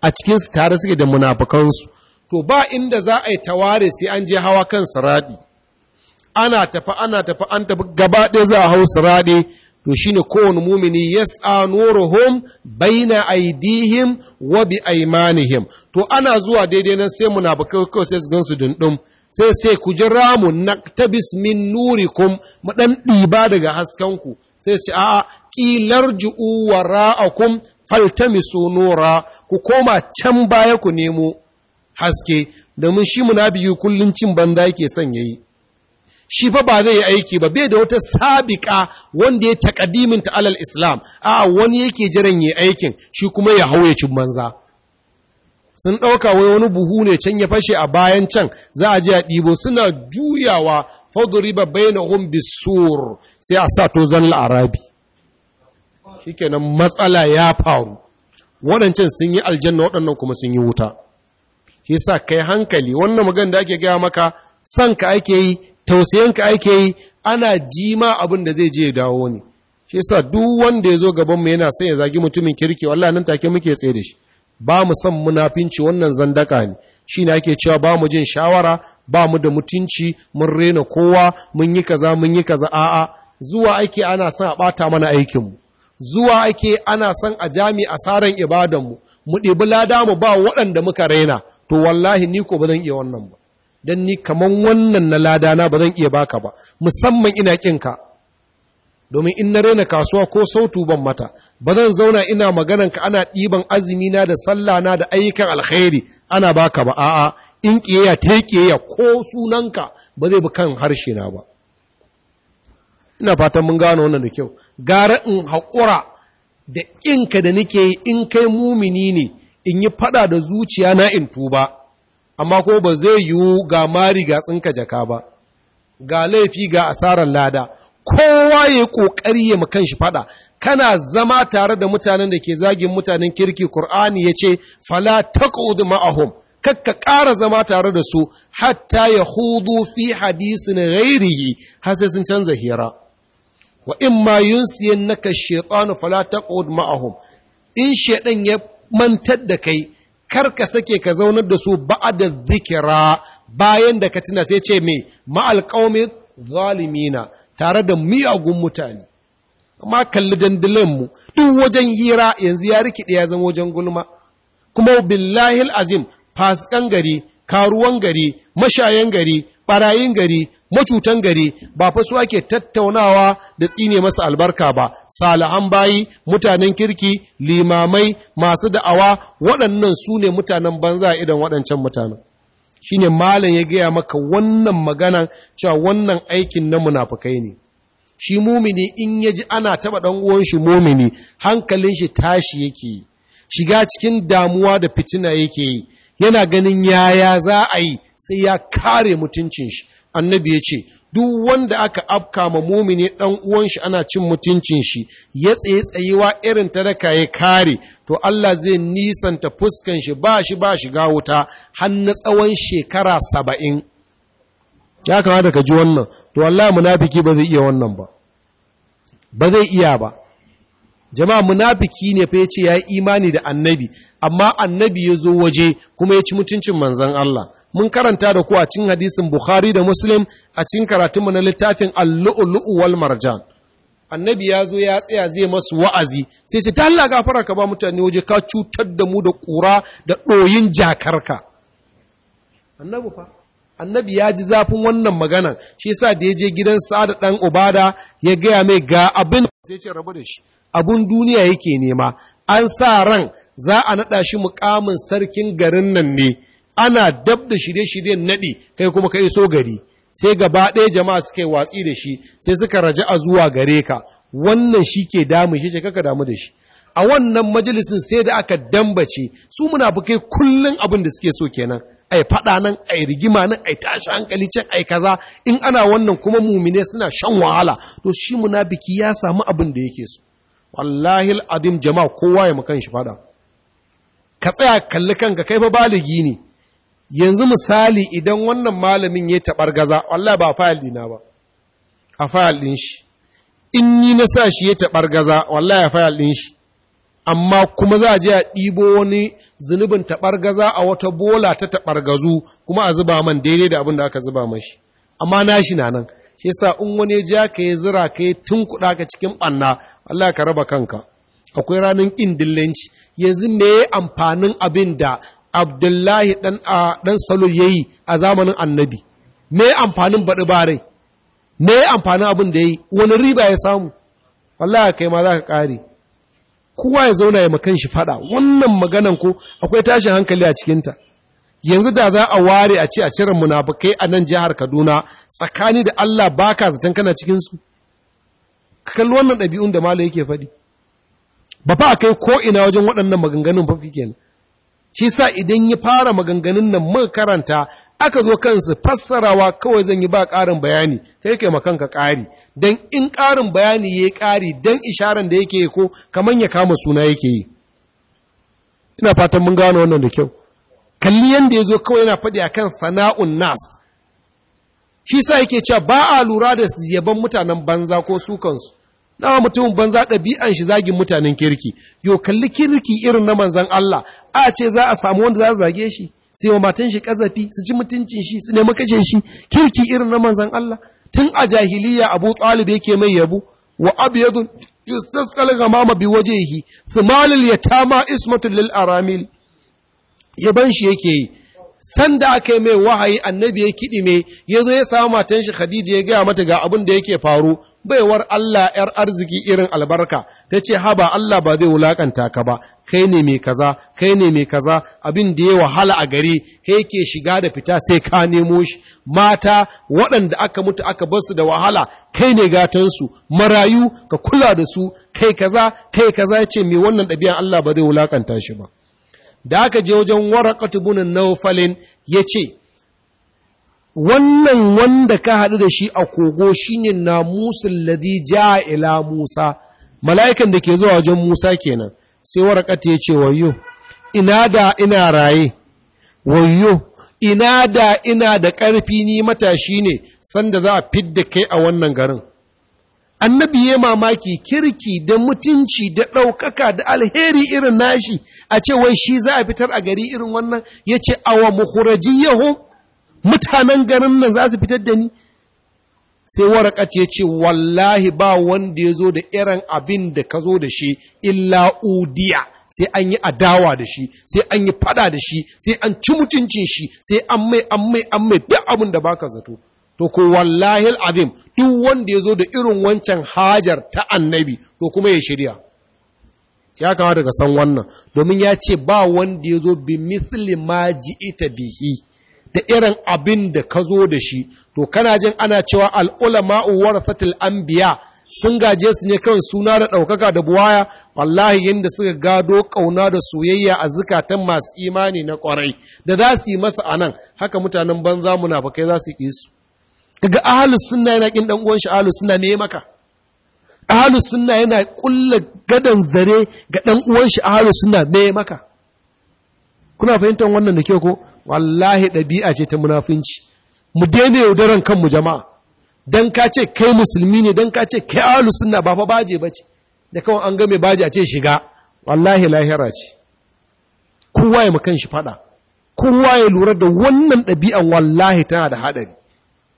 S1: a cikin tare suke da munafukansu to ba inda za a yi taware sai an je hawa kan siradi ana tafi ana tafi an tafi gaba ɗaya za a hau siradi to shine kowane mumini yas'a nuruhum baina aidihim wa bi aimanihim to ana zuwa daidai nan sai muna kawai sai su gansu dundum sai sai ku jira mu naktabis min nurikum mu dan diba daga ku." sai ce a'a ƙilar ju'u wara'akum faltamisu nura ku koma can baya ku nemo haske domin shi munabiyu kullun cin banza yake son yayi shi fa ba zai yi aiki ba bai da wata sabiƙa wanda ya takadimin ta alal islam a wani yake jiran yi aikin shi kuma ya hau ya cin manza. sun ɗauka wai wani buhu ne can ya fashe a bayan can za a je a ɗibo suna juyawa na hun bisur sai a sa to zan shi shikenan matsala ya faru waɗancan sun yi aljanna waɗannan kuma sun yi wuta shi sa kai hankali wannan magana da ake gaya maka san ka ake yi ka ake yi ana jima abin da zai je dawo ne shi yasa duk wanda ya zo gabanmu yana son ya zagi mutumin kirki wallahi nan take muke tsaye da shi ba mu son munafinci wannan zandaka ne shi ne ake cewa ba mu jin shawara ba mu da mutunci mun rena kowa mun yi kaza mun yi kaza a'a zuwa ake ana son a bata mana aikin mu zuwa ake ana son a jami asaran ibadan mu mu ɗibi lada mu ba waɗanda muka raina to wallahi ni ko ba zan iya wannan ba don ni kaman wannan na ladana ba zan iya baka ba musamman ina ƙinka domin in na raina kasuwa ko sautu ban mata ba zan zauna ina magananka ana ɗiban azumina da sallana da ayyukan alkhairi ana baka ba a'a in ƙiyayya ta ƙiyayya ko sunanka ba zai bi kan harshe na ba ina fatan mun gano wannan da kyau gara in haƙura da ƙinka da nake in kai mumini ne in yi faɗa da zuciya na in tuba amma ko ba zai yiwu ga mari ga tsinka jaka ba ga laifi ga asarar lada kowa ya kokari ya makan shi faɗa. kana zama tare da mutanen da ke zagin mutanen kirki Kur'ani ya ce fala taqud ma'ahum kakka ƙara zama tare da su hatta ya hudu fi hadisin ghairihi har sai sun canza hira wa in ma naka shaytanu fala taqud ma'ahum in shaɗan ya mantar da kai kar ka sake ka zaunar da su da zikira bayan da ka tuna sai ce me ma'alƙaumin zalimina tare da miyagun mutane amma kalli dandalin mu duk wajen hira yanzu ya rikide ya zama wajen gulma kuma billahil azim fasikan gari karuwan gari mashayan gari barayin gari macutan gari ba fa su ake tattaunawa da tsine masa albarka ba Salahan bayi mutanen kirki limamai masu da'awa waɗannan su ne mutanen banza idan waɗancan mutanen shine malam ya gaya maka wannan magana cewa wannan aikin na munafukai ne shi mumini in ya ji ana taɓa ɗan uwan shi mumini hankalin shi tashi yake yi shiga cikin damuwa da fitina yake yi yana ganin yaya za a yi sai ya kare mutuncin shi annabi ya ce duk wanda aka afka ma mumini dan uwan shi ana cin mutuncin shi ya tsaye tsayewa irin ta daka ya kare to Allah zai nisanta fuskan shi ba shi ba shiga wuta har na tsawon shekara saba'in ya kamata ka ji wannan to Allah munafiki ba zai iya wannan ba ba zai iya ba jama'a munafiki ne fa yace yayi imani da annabi amma annabi ya zo waje kuma ya ci mutuncin manzon Allah mun karanta da ku a cikin hadisin Bukhari da Muslim a cikin karatunmu na littafin Al-Lu'lu'u wal Marjan annabi ya zo ya tsaya zai masu wa'azi sai ce ta Allah gafara ka ba mutane waje ka cutar da mu da ƙura da ɗoyin jakarka annabi fa annabi ya ji zafin wannan magana shi yasa da ya je gidan Sa'ad dan Ubada ya gaya mai ga abin sai ce rabu da shi abun duniya yake nema an sa ran za a naɗa shi mukamin sarkin garin nan ne ana dab da shirye-shiryen naɗi kai kuma ka iso gari sai gaba ɗaya jama'a suka watsi da shi sai suka raja a zuwa gare ka wannan shi ke damu shi ce kaka damu da shi a wannan majalisin sai da aka dambace su muna bukai kullum abin da suke so kenan ai faɗa nan ai rigima nan ai tashi hankali can ai kaza in ana wannan kuma mumine suna shan wahala to shi muna biki ya samu abin da yake so wallahi adim jama'a kowa ya makan shi fada ka tsaya kalli kanka kai fa baligi ne yanzu misali idan wannan malamin ya tabar gaza wallahi ba fayil dina ba a fayil din shi in ni na sa shi ya tabar gaza wallahi a fayil din shi amma kuma za a je a ɗibo wani zunubin gaza a wata bola ta gazu kuma a zuba man daidai da abin da aka zuba mashi amma nashi shi na nan shi yasa in wani ya ja ka yi zira ka yi tun kuɗa ka cikin ɓanna Allah ka raba kanka akwai ranar ƙin dillanci yanzu me amfanin abin da abdullahi ɗan salo ya yi a zamanin annabi me amfanin baɗi barai me amfanin abin da ya yi? wani riba ya samu ka kai ma za ka ƙare kowa ya zauna ya makan shi faɗa? wannan maganan ko akwai tashin hankali a cikinta yanzu da za a ware a ce a cire munafukai a nan jihar kaduna tsakani da allah baka zaton kana cikinsu kalli wannan ɗabi'un da malo yake faɗi ba fa a kai ko'ina wajen waɗannan maganganun ba kenan shi sa idan ya fara maganganun nan muka karanta aka zo kansu fassarawa kawai zan yi ba ƙarin bayani kai kai makanka ƙari don in ƙarin bayani ya yi ƙari don isharar da yake ko kamar ya kama suna yake yi ina fatan mun gano wannan da kyau kalli yadda ya zo kawai yana faɗi akan sana'un nas shi sa yake cewa ba a lura da yaban mutanen banza ko su na mutumin banza ɗabi'an shi zagin mutanen kirki yo kalli kirki irin na manzan Allah a ce za a samu wanda za a zage shi sai wa matan shi kazafi su ci mutuncin shi su nemi kashe shi kirki irin na manzan Allah tun a jahiliya Abu Talib yake mai yabo wa abyadun yustasqal ghamama bi wajhihi thimal yatama ismatul lil aramil yaban shi yake yi sanda aka yi mai wahayi annabi ya kiɗi me ya zo ya samu matan shi khadija ya gaya mata ga abin da yake faru baiwar Allah ‘yar arziki irin albarka, ta ce, Haba Allah ba zai wulaƙanta ka ba, kai ne mai kaza, kai ne mai kaza, abin da ya wahala a gari, kai ke shiga da fita sai ka nemo shi, mata waɗanda aka mutu aka basu da wahala, kai ne gatansu, marayu ka kula da su, kai kaza, kai kaza ya ce, mai wannan ɗabi'an Allah ba zai wulaƙanta shi ba. Da aka je wajen waraka bunin naufalin ya ce, wannan wanda ka haɗu da shi a kogo shi na namusul Ladi ja ila Musa mala'ikan da ke zuwa wajen Musa kenan sai warakata ya ce wayo ina da ina raye wayo ina da ina da ƙarfi ni matashi ne sanda za a fidda kai a wannan garin annabi ya mamaki kirki da mutunci da ɗaukaka da alheri irin nashi a ce wai shi za a fitar a gari irin wannan ya ce awa muhuraji yahu mutanen garin nan za su fitar da ni sai waraka ce ce wallahi ba wanda ya zo da irin abin da ka zo da shi illa udiya sai an yi adawa da shi sai an yi fada da shi sai an ci mutuncin shi sai an mai an mai an mai duk abin da baka zato to ko wallahi abin duk wanda ya zo da irin wancan hajar ta annabi to kuma ya shirya ya kama daga san wannan domin ya ce ba wanda ya zo bi misli ma ita bihi da irin abin da ka zo da shi to kana jin ana cewa fatil an biya sun gaje su ne kan suna da ɗaukaka da buwaya wallahi yadda suka gado ƙauna da soyayya a zukatan masu imani na ƙwarai da za su yi masa a nan haka mutanen banza kai za su yi su kaga ahalus suna yana ƙin ɗan uwanshi ahalus suna ne maka ahalus suna yana ƙulla gadon zare ga ɗan uwanshi ahalus suna ne maka kuna fahimtar wannan da ke ko wallahi ɗabi'a ce ta munafinci mu daina yaudaran kanmu jama'a dan ka ce kai musulmi ne dan ka ce kai alu sunna ba fa baje bace da kawai an ga baje a ce shiga wallahi lahira ce kowa ya makan shi fada kowa ya lura da wannan ɗabi'an wallahi tana da haɗari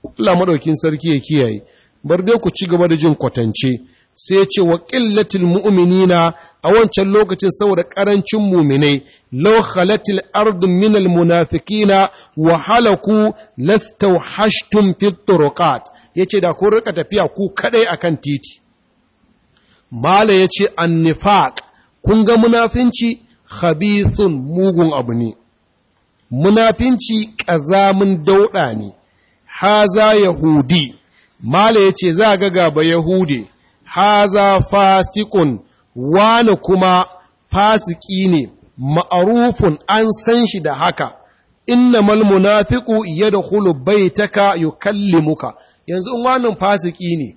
S1: Allah maɗaukin sarki ya kiyaye bar dai ku ci gaba da jin kwatance sai ya ce wa ƙillatil mu'minina a wancan lokacin saboda ƙarancin muminai law khalatil ardu minal munafikina wa halaku lastawhashtum fit turuqat yace da ku rika tafiya ku kaɗai a kan titi mala yace annifaq kun ga munafinci khabithun mugun abu ne munafinci ƙazamin dauɗa ne haza yahudi mala yace za ga gaba yahudi haza fasikun wani kuma fasiki ne ma'arufun an san shi da haka innamal munafiqu yadkhulu baytaka yukallimuka yanzu in wannan fasiki ne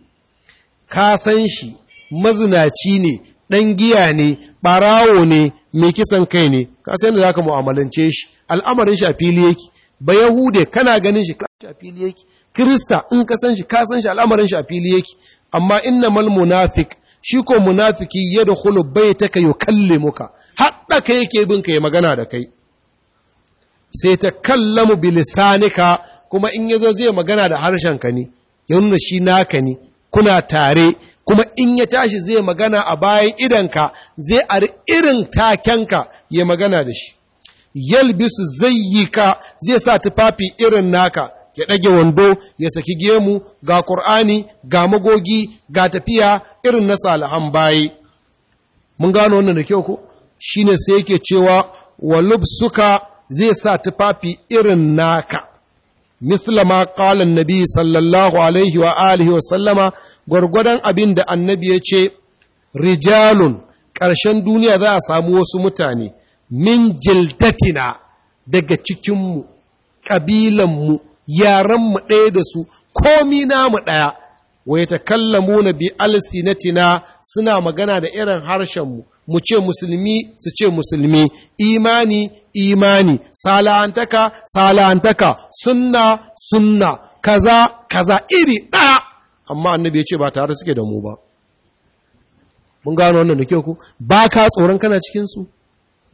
S1: ka san shi mazinaci ne Dan giya ne ɓarawo ne mai kisan kai ne ka san da zaka mu'amalance shi al'amarin shi a fili yake ba yahude kana ganin shi ka yake kirista in ka san shi ka san shi al'amarin shi a fili yake amma mal munafik, shi ko munafiki yi kalli muka, har ka yake bin ka yi magana da kai sai ta kallamu bilisanika kuma in yazo zai magana da harshen ka ne yanzu shi naka ne kuna tare kuma in ya tashi zai magana a bayan idanka zai ari irin takenka ya magana da shi yalbisu zayyika zai sa tufafi irin naka ya ɗage wando ya saki gemu ga ƙur'ani ga magogi ga tafiya irin na salihan bayi. mun gano wannan da kyau ko shine sai yake cewa walub suka zai sa tufafi irin naka Mislama ma qala annabi sallallahu alaihi wa alihi wa sallama gwargwadon abin da annabi ya ce rijalun ƙarshen duniya za a samu wasu mutane min jildatina daga cikinmu ƙabilanmu yaranmu ɗaya da su komi namu ɗaya wai ya takallamu na bi alsinatina suna magana da irin harshenmu mu ce musulmi su ce musulmi imani imani sala'antaka salahantaka sunna sunna kaza kaza iri ɗaya amma annabi ya ce ba tare suke da mu ba mun gano wannan da kyau ku ba ka tsoron kana cikinsu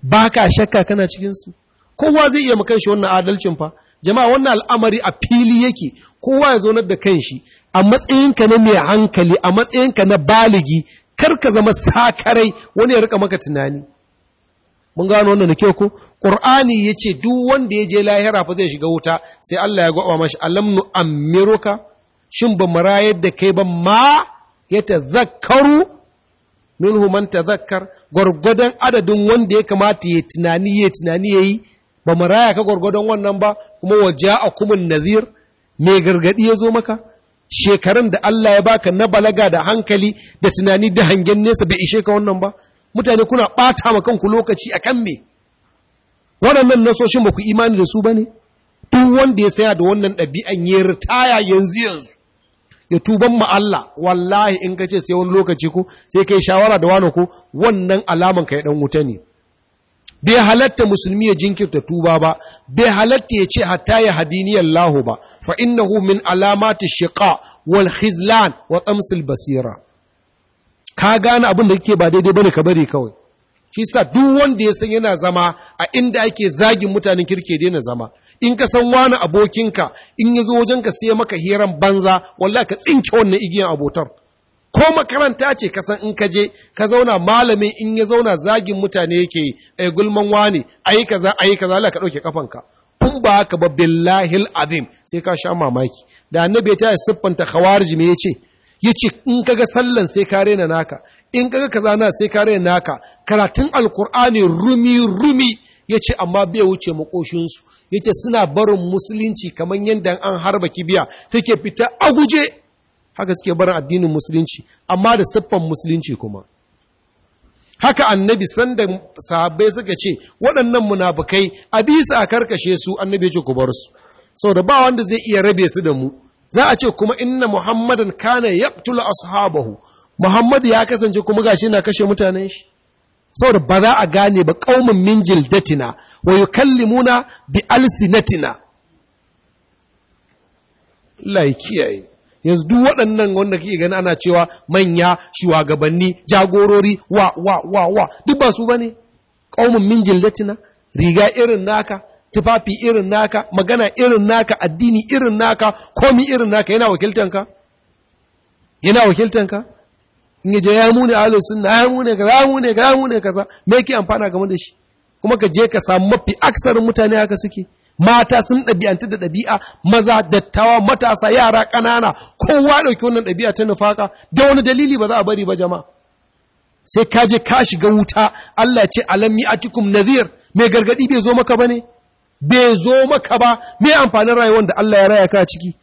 S1: ba ka shakka kana cikinsu kowa zai iya makanshi wannan adalcin fa jama'a wannan al'amari a fili yake kowa ya zonar da kanshi. a matsayinka na mai hankali a matsayinka na baligi kar ka zama sakarai wani ya rika maka tunani mun gano wannan da kyau ko qur'ani yace duk wanda ya je lahira fa zai shiga wuta sai Allah ya gwaba mashi alamnu nu amiruka shin ba marayar da kai ba ma yatazakkaru minhu man zakkar gwargwadon adadin wanda ya kamata ya tunani ya tunani ya yi ba mu raya ka gwargwadon wannan ba kuma waja a kumin nazir mai gargadi ya zo maka shekarun da Allah ya baka na balaga da hankali da tunani da hangen nesa bai ishe ka wannan ba mutane kuna ɓata ma kanku lokaci akan kan me waɗannan nasoshin ba ku imani da su ba ne duk wanda ya saya da wannan ɗabi'an ya ritaya yanzu yanzu ya tuban ma Allah wallahi in ka ce sai wani lokaci ko sai kai shawara da wani ko wannan alaman ka ya dan wuta ne bai halatta musulmi ya jinkirta tuba ba bai halatta ya ce hatta ya hadiniyar lahu ba fa hu min alamati shiqa wal khizlan wa tamsil basira ka gane abin da kake ba daidai bane ka bari kawai shi sa duk wanda ya san yana zama a inda ake zagin mutanen kirke daina zama in ka san wani abokinka in ya zo wajenka sai maka hiran banza wallahi ka tsinke wannan igiyan abotar ko makaranta ce ka san in ka je ka zauna malami in ya zauna zagin mutane yake ai gulman wani ai kaza ai kaza Allah ka dauke kafanka kun ba haka ba billahi alazim sai ka sha mamaki da annabi ya ta siffanta khawarij me yace yace in kaga sallan sai ka rena naka in kaga kaza na sai ka rena naka karatun alqur'ani rumi rumi ya ce amma bai wuce makoshinsu ya ce suna barin musulunci kamar yadda an harba kibiya take fita a guje haka suke barin addinin musulunci amma da siffan musulunci kuma haka annabi sanda sahabbai suka ce waɗannan munafukai a bisa a karkashe su annabi ya ce ku bar su saboda ba wanda zai iya rabe su da mu za a ce kuma inna muhammadan kana yaqtulu ashabahu Muhammadu ya kasance kuma gashi na kashe mutanen shi saboda ba za a gane ba ƙaumin min jildatina wa yukallimuna bi alsinatina Allah ya kiyaye yanzu duk waɗannan wanda kike gani ana cewa manya shugabanni jagorori wa wa wa wa duk ba su bane ƙaumin min jildatina riga irin naka tufafi irin naka magana irin naka addini irin naka komi irin naka yana wakiltanka yana wakiltanka in yaje ya mune ahlu suna ya kaza ya ya me yake amfana game da shi kuma ka je ka samu mafi aksarin mutane haka suke mata sun ɗabi'antu da ɗabi'a maza dattawa matasa yara ƙanana kowa ɗauki wannan ɗabi'a ta nufaka da wani dalili ba za a bari ba jama'a sai ka je ka shiga wuta Allah ce alammi atikum naziyar. mai gargadi bai zo maka bane bai zo maka ba me amfanin rayuwar da Allah ya raya ka ciki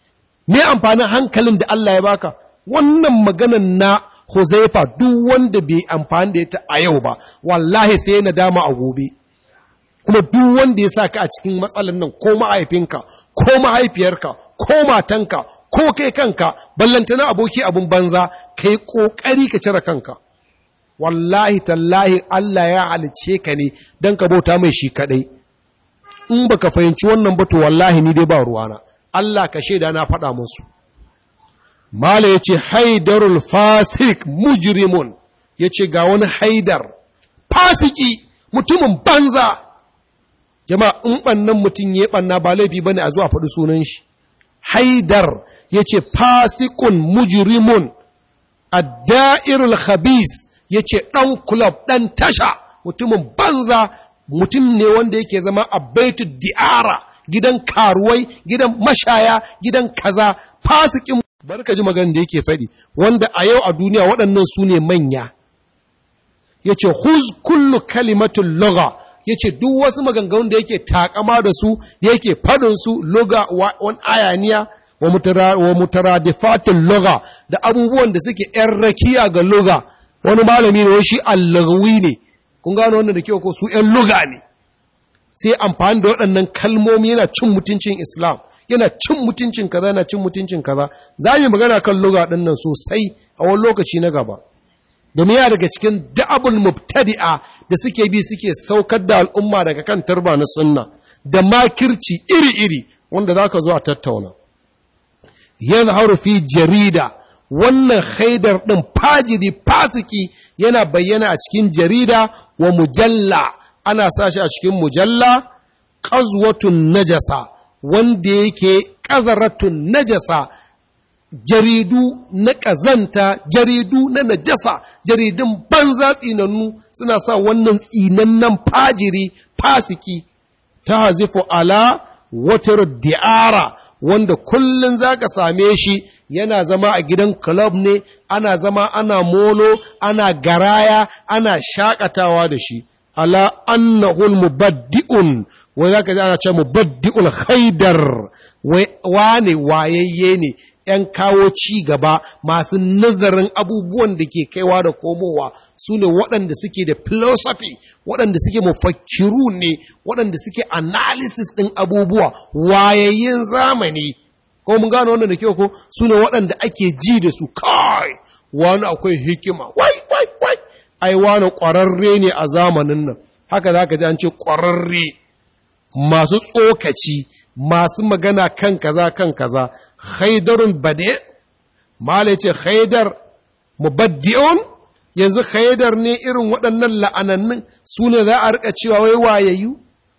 S1: me amfanin hankalin da Allah ya baka wannan maganan na huzaifa duk wanda bai amfani da ita a yau ba wallahi sai yana dama a gobe kuma duk wanda ya sa ka a cikin matsalan nan ko mahaifinka ko mahaifiyarka ko matanka ko kai kanka ballantana aboki abin banza kai kokari ka cire kanka wallahi tallahi Allah ya halice ka ne don ka bauta mai shi kaɗai. in baka fahimci wannan ba to wallahi ni dai ba ruwana Allah ka shaida na faɗa musu mala ya ce haidarul fasik mujrimun ya ce ga wani haidar fasiki mutumin banza jama'a in ɓannan mutum ya ɓanna ba laifi ba ne a zuwa faɗi sunan shi haidar ya ce fasikun mujrimun adda'irul khabis ya ce ɗan kulob ɗan tasha mutumin banza mutum ne wanda yake zama a baitu di'ara gidan karuwai gidan mashaya gidan kaza fasikin barka ji maganin da yake faɗi wanda a yau a duniya waɗannan su ne manya ya ce huz kullu kalimatun loga ya ce duk wasu maganganun da yake takama da su yake su loga wani ayaniya wa fatin loga da abubuwan da suke ‘yan rakiya ga loga wani malami ne shi allagawi ne kun gano wannan da kyau ko su ‘yan loga ne sai amfani da waɗannan kalmomi yana cin mutuncin islam yana cin mutuncin kaza yana cin mutuncin kaza za mu magana kan lugha din nan sosai a wani lokaci na gaba domin ya daga cikin da'abul mubtadi'a da suke bi suke saukar da al'umma daga kan tarba na sunna da makirci iri-iri wanda za ka zo a tattauna yan fi jarida wannan haidar ɗin fajiri fasiki yana bayyana a cikin jarida wa mujalla ana sa a cikin mujalla ƙazwatun najasa wanda yake ƙazaratun najasa jaridu na ƙazanta jaridu na najasa jaridun banza tsinannu suna sa wannan tsinannan fajiri fasiki ta hazifu ala watar di'ara wanda kullum za ka same shi yana zama a gidan club ne ana zama ana molo ana garaya ana shakatawa da shi ala annahul mubaddi'un wai za ka ji ana ce mu baddi'ul ulhaidar. wane wayayye ne ‘yan kawo ci gaba masu nazarin abubuwan da ke kaiwa da komowa su ne waɗanda suke da philosophy waɗanda suke mafakiru ne waɗanda suke analysis ɗin abubuwa wayayyen zamani ko mun gano wannan da ke ko su ne waɗanda ake ji da su kai wani akwai hikima wai wai wai ai wani ƙwararre ne a zamanin nan haka za ka ji an ce ƙwararre masu tsokaci masu magana kan kaza kan kaza haidarun bade mala ce haidar mubaddi'un yanzu haidar ne irin waɗannan la'anannin su ne za a rika cewa wai wayayyu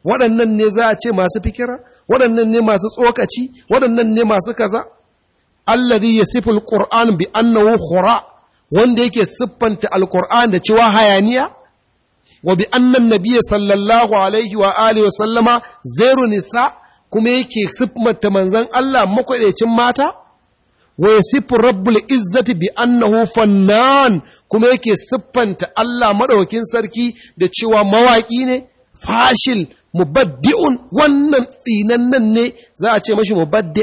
S1: waɗannan ne za a ce masu fikira waɗannan ne masu tsokaci waɗannan ne masu kaza allazi yasiful qur'an bi annahu khura wanda yake siffanta alqur'an da cewa hayaniya wa bi annan nabi sallallahu alaihi wa alihi wa sallama zairu nisa kuma yake sifmata manzon Allah makwaɗacin mata wa yasifu rabbul izzati bi annahu fannan kuma yake siffanta Allah madaukin sarki da cewa mawaki ne fashil mubaddi'un wannan tsinannan ne za a ce mashi mubaddi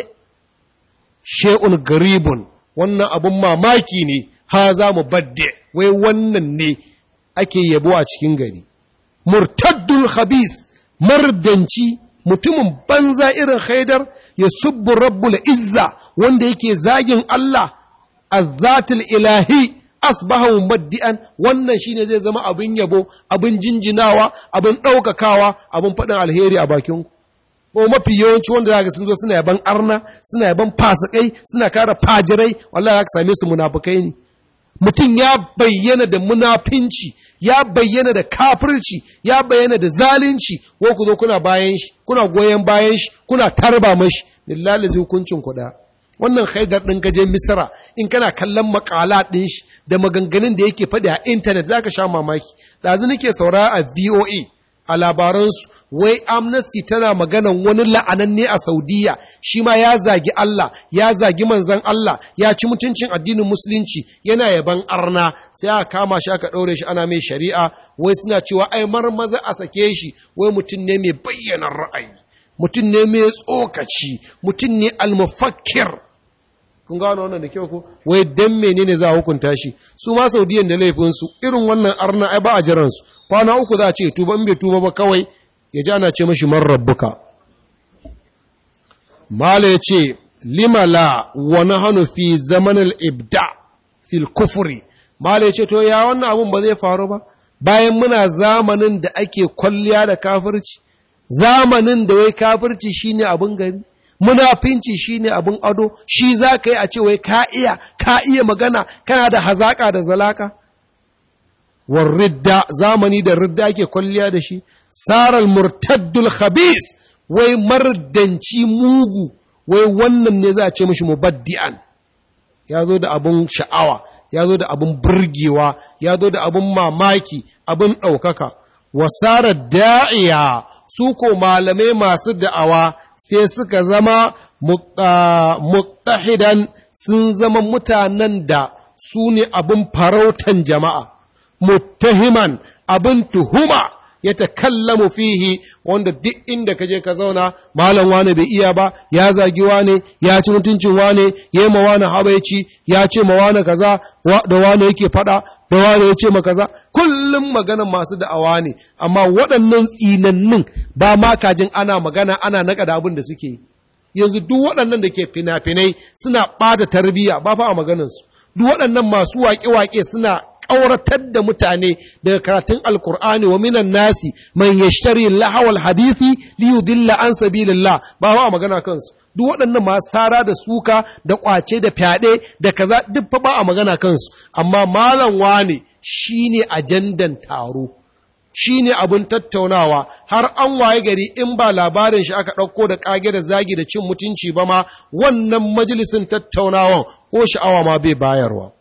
S1: shay'un garibun wannan abun mamaki ne ha za mubaddi wai wannan ne ake yabo a cikin gari murtaddul khabis mardanci mutumin banza irin haidar ya subbu rabbul izza wanda yake zagin Allah azzatul ilahi asbaha mubaddi'an wannan shine zai zama abin yabo abin jinjinawa abin ɗaukakawa abin faɗin alheri a bakin ko mafi yawanci wanda zaka sun zo suna yaban arna suna yaban fasikai suna kara fajirai wallahi zaka same su munafukai ne mutum ya bayyana da munafinci ya bayyana da kafirci ya bayyana da zalunci ko ku zo kuna bayan shi kuna goyon bayan shi kuna tarba mashi lillahi zai hukuncin kuɗa wannan haidar ɗin gaje misira in kana kallon makala ɗin shi da maganganun da yake faɗi a intanet za ka sha mamaki ɗazu nake saurara a voa a labaransu wai amnesty tana maganan wani la'ananne a saudiya shi ma ya zagi Allah ya zagi manzan Allah ya ci mutuncin addinin musulunci yana yaban arna sai aka kama shi aka ɗaure shi ana mai shari'a wai suna cewa ai maza a sake shi wai mutum ne mai bayyana ra'ayi mutum ne mai tsokaci mutum ne almafakir? kun gano wannan da kyau ko wai dan menene za a hukunta shi su ma saudiyan da laifin su irin wannan arna ai ba a jiran su kwana uku za a ce tuba in bai tuba ba kawai ya ji ana ce mashi man rabbuka mala ya ce lima la wa nahnu fi zaman al-ibda fil kufri mala ya ce to ya wannan abun ba zai faru ba bayan muna zamanin da ake kwalliya da kafirci zamanin da wai kafirci shine abin gari munafinci shine abin ado shi za ka yi a ce wai ka iya ka iya magana kana da hazaƙa da zalaka war ridda zamani da ridda ke kwalliya da shi saral murtaddul khabis wai mardanci mugu wai wannan ne za a ce mishi mubaddi'an ya zo da abin sha'awa ya zo da abin burgewa ya zo da abin mamaki abin ɗaukaka wasarar da'iya su ko malamai masu da'awa sai suka zama muttahidan sun zama mutanen da su ne abin farautan jama'a, muttahiman abin tuhuma ya takallamu fihi wanda duk inda ka je ka zauna malam wane bai iya ba ya zagi wane ya ci mutuncin wane ya mawa na habaici ya ce ma kaza da wane yake fada da wane ya ce ma kaza kullum magana masu da'awa ne amma waɗannan tsinannin ba ma ana magana ana naka da abin da suke yi yanzu duk waɗannan da ke fina-finai suna ɓata tarbiyya ba fa a maganansu duk waɗannan masu waƙe-waƙe suna tsauratar da mutane daga karatun alkur'ani wa minan nasi man yashtari lahawal hadithi li yudilla an sabilillah ba ma magana kansu duk waɗannan ma sara da suka da kwace da fyaɗe da kaza duk fa ba a magana kansu amma malam wane shine ajandan taro shine abin tattaunawa har an waye gari in ba labarin shi aka ɗauko da ƙage da zagi da cin mutunci ba ma wannan majalisin tattaunawan ko sha'awa ma bai bayarwa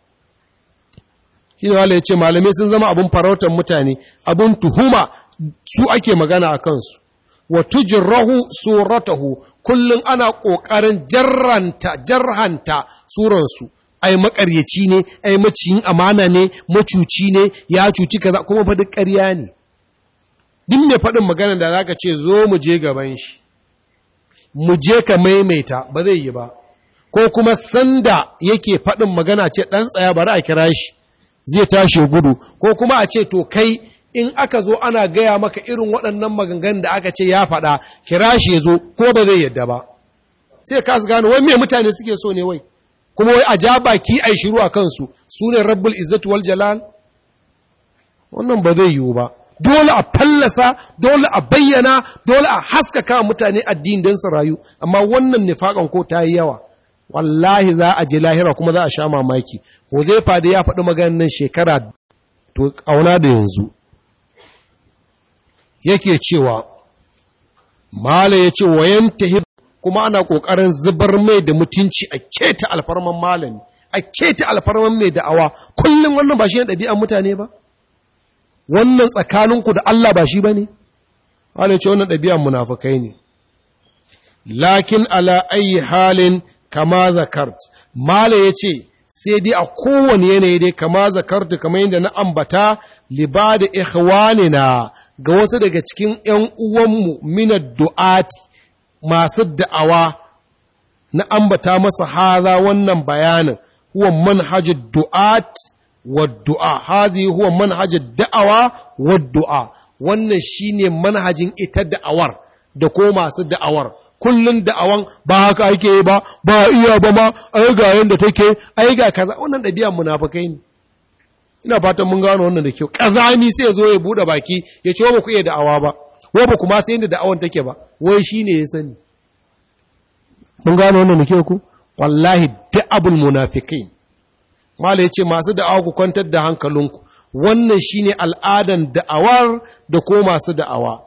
S1: shi da ya ce malamai sun zama abin farautar mutane abin tuhuma su ake magana a kansu wa tujrahu suratahu kullum ana ƙoƙarin jarranta jarhanta suransu ai makaryaci ne ai maciyin amana ne macuci ne ya cuci kaza kuma fa duk ƙarya ne duk ne faɗin magana da za ka ce zo mu je gaban shi mu je ka maimaita ba zai yi ba ko kuma sanda yake faɗin magana ce ɗan tsaya bari a kira shi zai tashi gudu ko kuma a ce to kai in aka zo ana gaya maka irin waɗannan maganganun da aka ce ya faɗa kira shi ya zo ko ba zai yadda ba sai ka su gano wai me mutane suke so ne wai kuma wai a ja baki a yi shiru a kansu sunan rabbul izzatu wal jalal wannan ba zai yiwu ba dole a fallasa dole a bayyana dole a haskaka mutane addini don su rayu amma wannan nifakan ko ta yi yawa wallahi za a je lahira kuma za a sha mamaki zai fadi ya faɗi maganin shekara to ƙauna da yanzu yake cewa mala ya ce wayan tahib kuma ana ƙoƙarin zubar mai da mutunci a keta alfarman malami a keta alfarman mai da'awa kullum wannan ba shi ne ɗabi'an mutane ba wannan tsakaninku da Allah ba shi ba ne mala ya ce wannan ɗabi'an munafukai ne lakin ala ayi halin kama zakart mala ya ce sai dai a kowane yanayi dai kama zakart kama yadda na ambata libada na, ga wasu daga cikin ‘yan uwanmu minad du'ati masu da'awa na ambata masa haza wannan bayanin huwa manhajin du'at wa du'a hazi huwa manhajin da'awa wa du'a wannan shine manhajin ita da'awar da ko masu da'awar kullun da'awan ba haka ake ba ba iya ba ma ai ga yanda take ai ga kaza wannan ɗabi'an munafikai ne ina fatan mun gano wannan da kyau kazami sai ya zo ya bude baki ya ce ba ku iya da'awa ba wa ba kuma sai inda da'awan take ba wai shine ya sani mun gano wannan da kyau ku wallahi da'abul munafiqin mala yace masu da'awa ku kwantar da hankalinku wannan shine al'adan da'awar da ko masu da'awa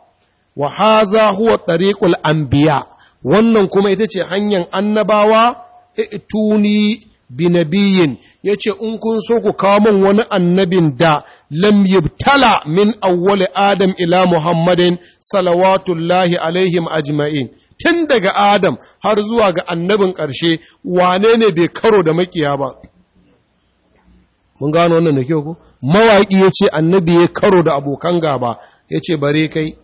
S1: wa haza huwa tariqul anbiya wannan kuma ita ce hanyar annabawa ituni binabiyin ya ce in kun so ku kawo wani annabin da lam yubtala min awwali adam ila muhammadin salawatullahi alaihim ajma'in tun daga adam har zuwa ga annabin ƙarshe wane ne bai karo da makiya ba mun gano wannan da kyau ko mawaƙi ya ce annabi ya karo da abokan gaba ya ce bare kai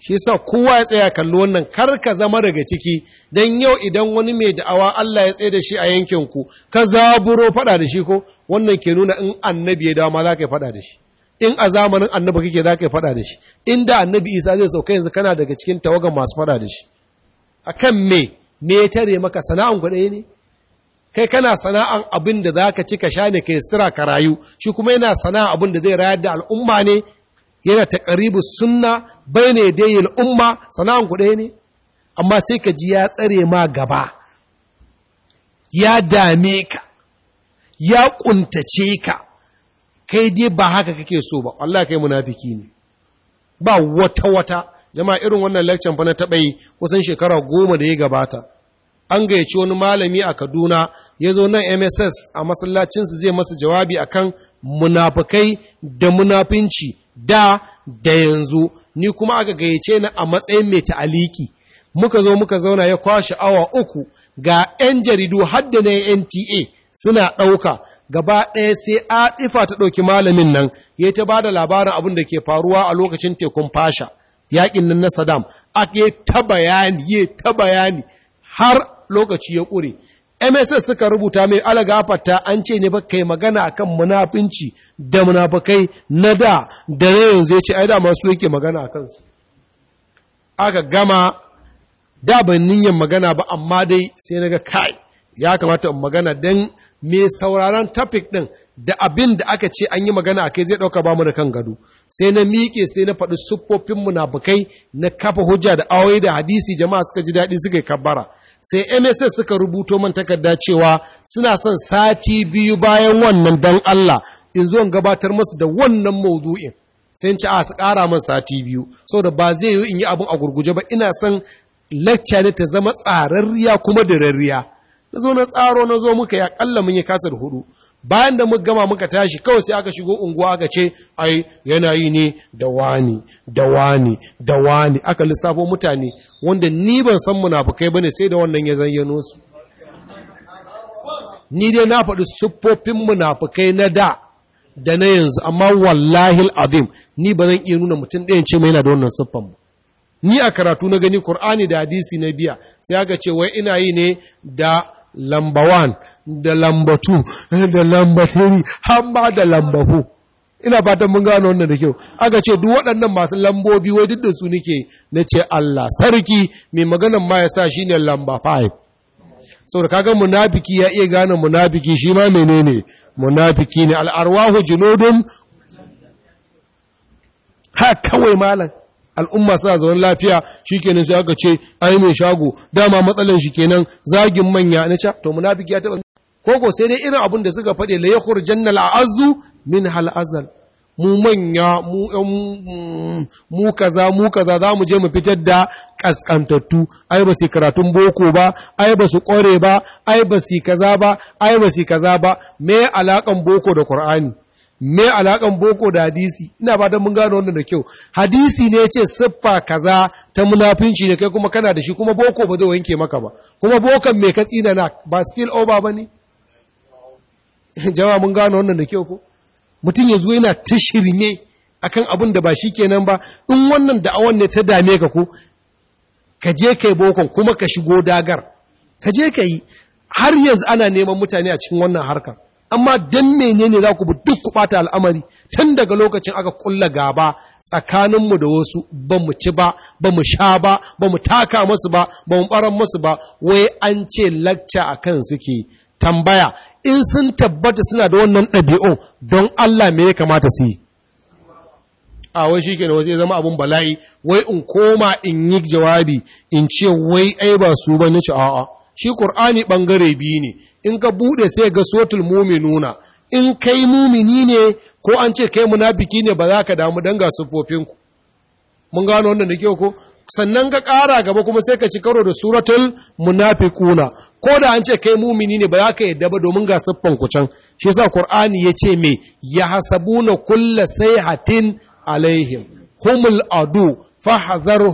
S1: shi sa kowa ya tsaya kalli wannan kar ka zama daga ciki don yau idan wani mai da'awa Allah ya tsaye da shi a yankinku ka zaburo faɗa da shi ko wannan ke nuna in annabi ya dama za ka yi faɗa da shi in a zamanin annabi kake za ka yi faɗa da shi in da annabi isa zai sauka yanzu kana daga cikin tawagan masu faɗa da shi a kan me me ya tare maka sana'an ɗaya ne kai kana sana'an abin da za ka ci ka sha ne ka sira ka rayu shi kuma yana sana'a abin da zai rayar da al'umma ne yana ta sunna bai ne dai al'umma sana'an ku ne amma sai ka ji ya tsare ma gaba ya dame ka ya ƙuntace ka kai dai ba haka kake so ba Allah kai munafiki ne ba wata wata jama'a irin wannan lakcan fana taɓa yi kusan shekara goma da ya gabata an gayyaci wani malami a Kaduna ya zo nan MSS a masallacinsu zai masa jawabi akan munafukai da munafinci da da yanzu ni kuma aka gayyace ni a matsayin mai ta'aliki muka zo muka zauna ya kwashe awa uku ga 'yan jaridu hadda na NTA suna ɗauka gaba ɗaya sai a ɗifa ta ɗauki malamin nan ya ta ba da labarin abin da ke faruwa a lokacin tekun fasha yaƙin nan na Saddam ake ta bayani ya ta bayani har lokaci ya ƙure MSS suka rubuta mai alagafata an ce ne ba kai magana akan munafinci da munafakai na da da na yanzu ya ce ai da masu yake magana akan su aka gama da ban niyyar magana ba amma dai sai naga kai ya kamata in magana dan me sauraron topic din da abin da aka ce an yi magana akai zai dauka ba mu da kan gado sai na miƙe sai na faɗi siffofin munafukai na kafa hujja da awai da hadisi jama'a suka ji daɗi suka yi kabbara sai mss suka rubuto man takarda cewa suna son sati biyu bayan wannan don allah in zo gabatar masu da wannan maudu'in sai ci a su kara man sati biyu saboda ba zai yi in yi abin a gurguje ba ina son lacca ne ta zama tsararriya kuma da rarriya na zo na tsaro na zo muka yi akalla mun yi kasar hudu bayan da muka gama muka tashi kawai sai aka shigo unguwa aka ce ai yana yi ne da wani da wani da wani aka lissafo mutane wanda ni ban san munafukai ba ne, sai da wannan ya zayyano su ni dai na faɗi siffofin munafukai na da da na yanzu amma wallahi azim ni ba zan iya nuna mutum ɗayan ce mai yana da wannan siffan ba ni a karatu na gani Kur'ani da hadisi na biya sai aka ce wai ina yi ne da lamba 1 da lamba 2 da lamba 3 har ma da lamba 4 ina fatan mun gano wannan da kyau aka ce duk waɗannan masu lambobi wai duk da su nake na ce Allah sarki mai magana ma ya sa shi ne lamba 5 saboda kaga munafiki ya iya gane munafiki shi ma menene munafiki ne al'arwahu junudun ha kawai malam al'umma suna zaune lafiya shikenan sai aka ce ai mai shago dama matsalan shi kenan zagin manya na ca to munafiki ya taba koko sai dai irin abun da suka faɗe la yakhrujannal a'azzu min hal azal mu manya mu kaza mu kaza za mu je mu fitar da kaskantattu ai ba su karatun boko ba ai ba su kware ba ai ba su kaza ba ai ba su kaza ba me alakan boko da qur'ani me alakan boko da hadisi ina ba don mun gano wannan da kyau hadisi ne ce siffa kaza ta munafinci ne kai kuma kana da shi kuma boko ba zai wanke maka ba kuma bokan mai ka tsina na ba spill over ba ne Jam'a mun gano wannan da kyau ko mutum ya zuwa yana ta a akan abin da ba shi kenan ba in wannan da da'awar ne ta dame ka ko ka je kai bokon kuma ka shigo dagar ka je ka yi har yanzu ana neman mutane a cikin wannan harkar amma dan menene za ku bi duk ku bata al'amari tun daga lokacin aka kulla gaba tsakaninmu da wasu ba mu ci ba ba mu sha ba ba mu taka masu ba ba mu baran masu ba wai an ce lacca a kan suke tambaya in sun tabbata suna da wannan ɗabi'o don Allah me ya kamata su yi a wai shi kenan wasu ya zama abin bala'i wai in koma in yi jawabi in ce wai ai ba su ba ni ci a'a shi ƙur'ani ɓangare biyu ne in ka buɗe sai ga sotul muminuna in kai mumini ne ko an ce kai munafiki ne ba za ka damu dan ga sufofinku mun gano wannan da kyau ko sannan ka ƙara gaba kuma sai ka ci karo da suratul munafiquna ko da an ce kai mumini ne ba za ka yadda ba domin ga siffan ku can shi yasa qur'ani ya ce me ya hasabuna kulla sayhatin alaihim humul adu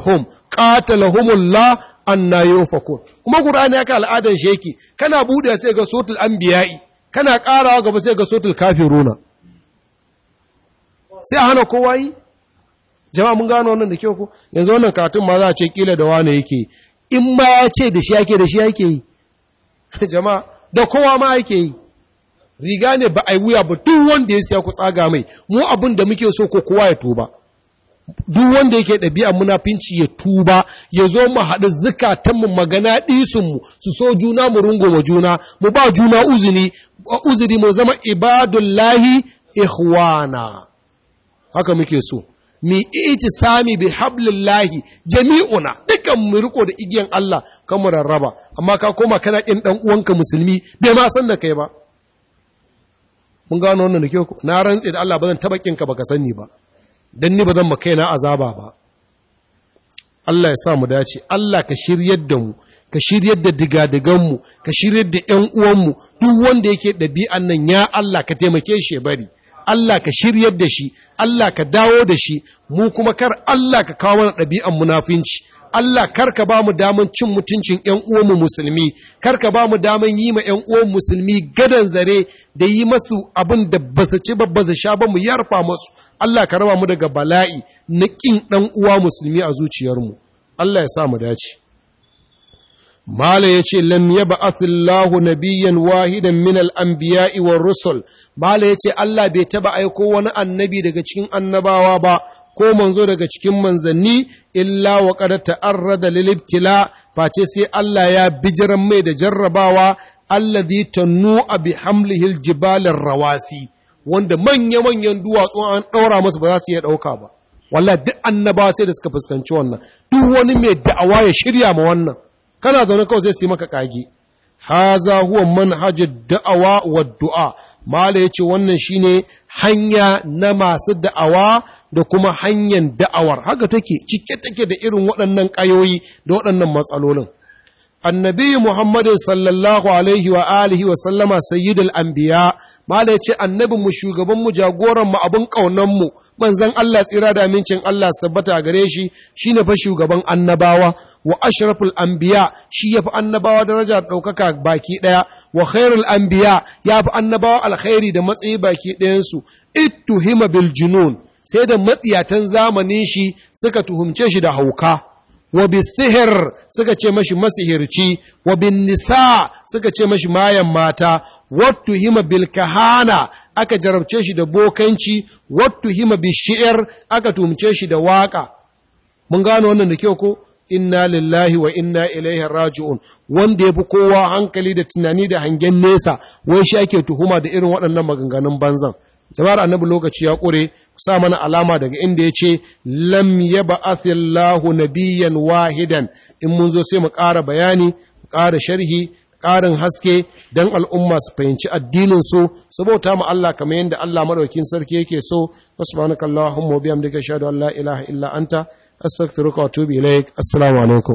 S1: hum. qatalahumullah anna yufakun kuma qur'ani haka al'adan shi yake kana bude sai ga suratul anbiya'i kana karawa gaba sai ga suratul kafiruna sai hana kowa yi jama'a mun gano wannan da kyau ko yanzu wannan katun ma za a ce kila da wani yake in ma ya ce da shi yake da shi yake yi jama'a da kowa ma yake yi riga ne ba a yi wuya ba duk wanda ya siya ku tsaga mai mu abin da muke so ko kowa ya tuba duk wanda yake ɗabi'a finci ya tuba ya zo mu haɗu zukatanmu magana ɗisunmu su so juna mu rungo wa juna mu ba juna uzuri uzuri mu zama ibadullahi ikhwana haka muke so mi iti sami bi hablillahi jami'una dukan mu riko da igiyan Allah kan mu rarraba amma ka koma kana kin dan uwanka musulmi bai ma san da kai ba mun gano wannan da ke na rantse da Allah ba zan taba kinka baka sani ba don ni ba zan maka yana azaba ba Allah ya sa mu dace Allah ka shiryar da mu ka shiryar da digadiganmu ka shiryar da yan uwanmu duk wanda yake ɗabi'an nan ya Allah ka taimake shi ya bari Allah ka shiryar da shi Allah ka dawo da shi mu kuma kar Allah ka kawo mana ɗabi'an munafinci Allah kar ka ba mu daman cin mutuncin ƴan uwanmu musulmi kar ka ba mu daman yi ma ƴan uwan musulmi gadan zare da yi masu abin da ba su ci ba ba su sha ba mu yarfa masu Allah ka raba mu daga bala'i na ƙin ɗan uwa musulmi a zuciyarmu Allah ya sa mu dace Mala ya ce, Lam yaba na nabiyan wahidan min anbiya wa rusul, Mala ya ce, Allah bai taba aiko wani annabi daga cikin annabawa ba, ko manzo daga cikin manzanni, illa wa ƙada ta'arrada liliftila, face sai Allah ya bijiran mai da jarrabawa, ta tannu a bi hamlihil jibalin rawasi, wanda manya-manyan duwatsu an ɗaura masa ba za su iya ɗauka ba. Wala duk annabawa sai da suka fuskanci wannan, duk wani mai da'awa ya shirya ma wannan. kana zaune kawai zai sai maka kage haza huwa manhajud da'awa wa du'a mala ce wannan shine hanya na masu da'awa da kuma hanyar da'awar haka take cike take da irin waɗannan ƙayoyi da waɗannan matsalolin annabi Muhammadu sallallahu alaihi wa alihi wa sallama sayyidul anbiya mala ya ce annabin mu shugaban mu jagoran mu abin ƙaunanmu mu Allah tsira da amincin Allah sabbata gare shi shine fa shugaban annabawa wa ashraful anbiya shi fi annabawa daraja ɗaukaka baki ɗaya. wa khairul ya fi annabawa alkhairi da matsayi baki ɗayansu. It ittuhima bil junun sai da matsiyatan zamanin shi suka tuhumce shi da hauka wa suka ce mashi masihirci wa nisa suka ce mashi mayan mata wato hima bil aka jarabce shi da bokanci wato hima aka tumce shi da waka mun gano wannan da kyau ko inna lillahi wa inna ilaihi raji'un wanda ya fi kowa hankali da tunani da hangen nesa wai shi ake tuhuma da irin waɗannan maganganun banzan jama'ar annabi lokaci ya ƙure sa mana alama daga inda ya ce lam ya na biyan wahidan in mun zo sai mu ƙara bayani ƙara sharhi ƙarin haske don al'umma su fahimci addininsu su bauta ma Allah kamar yadda Allah madaukin sarki yake so wasu wa Allahumma biyam daga shaɗu Allah ilaha illa anta astaghfiruka wa ilaik assalamu alaikum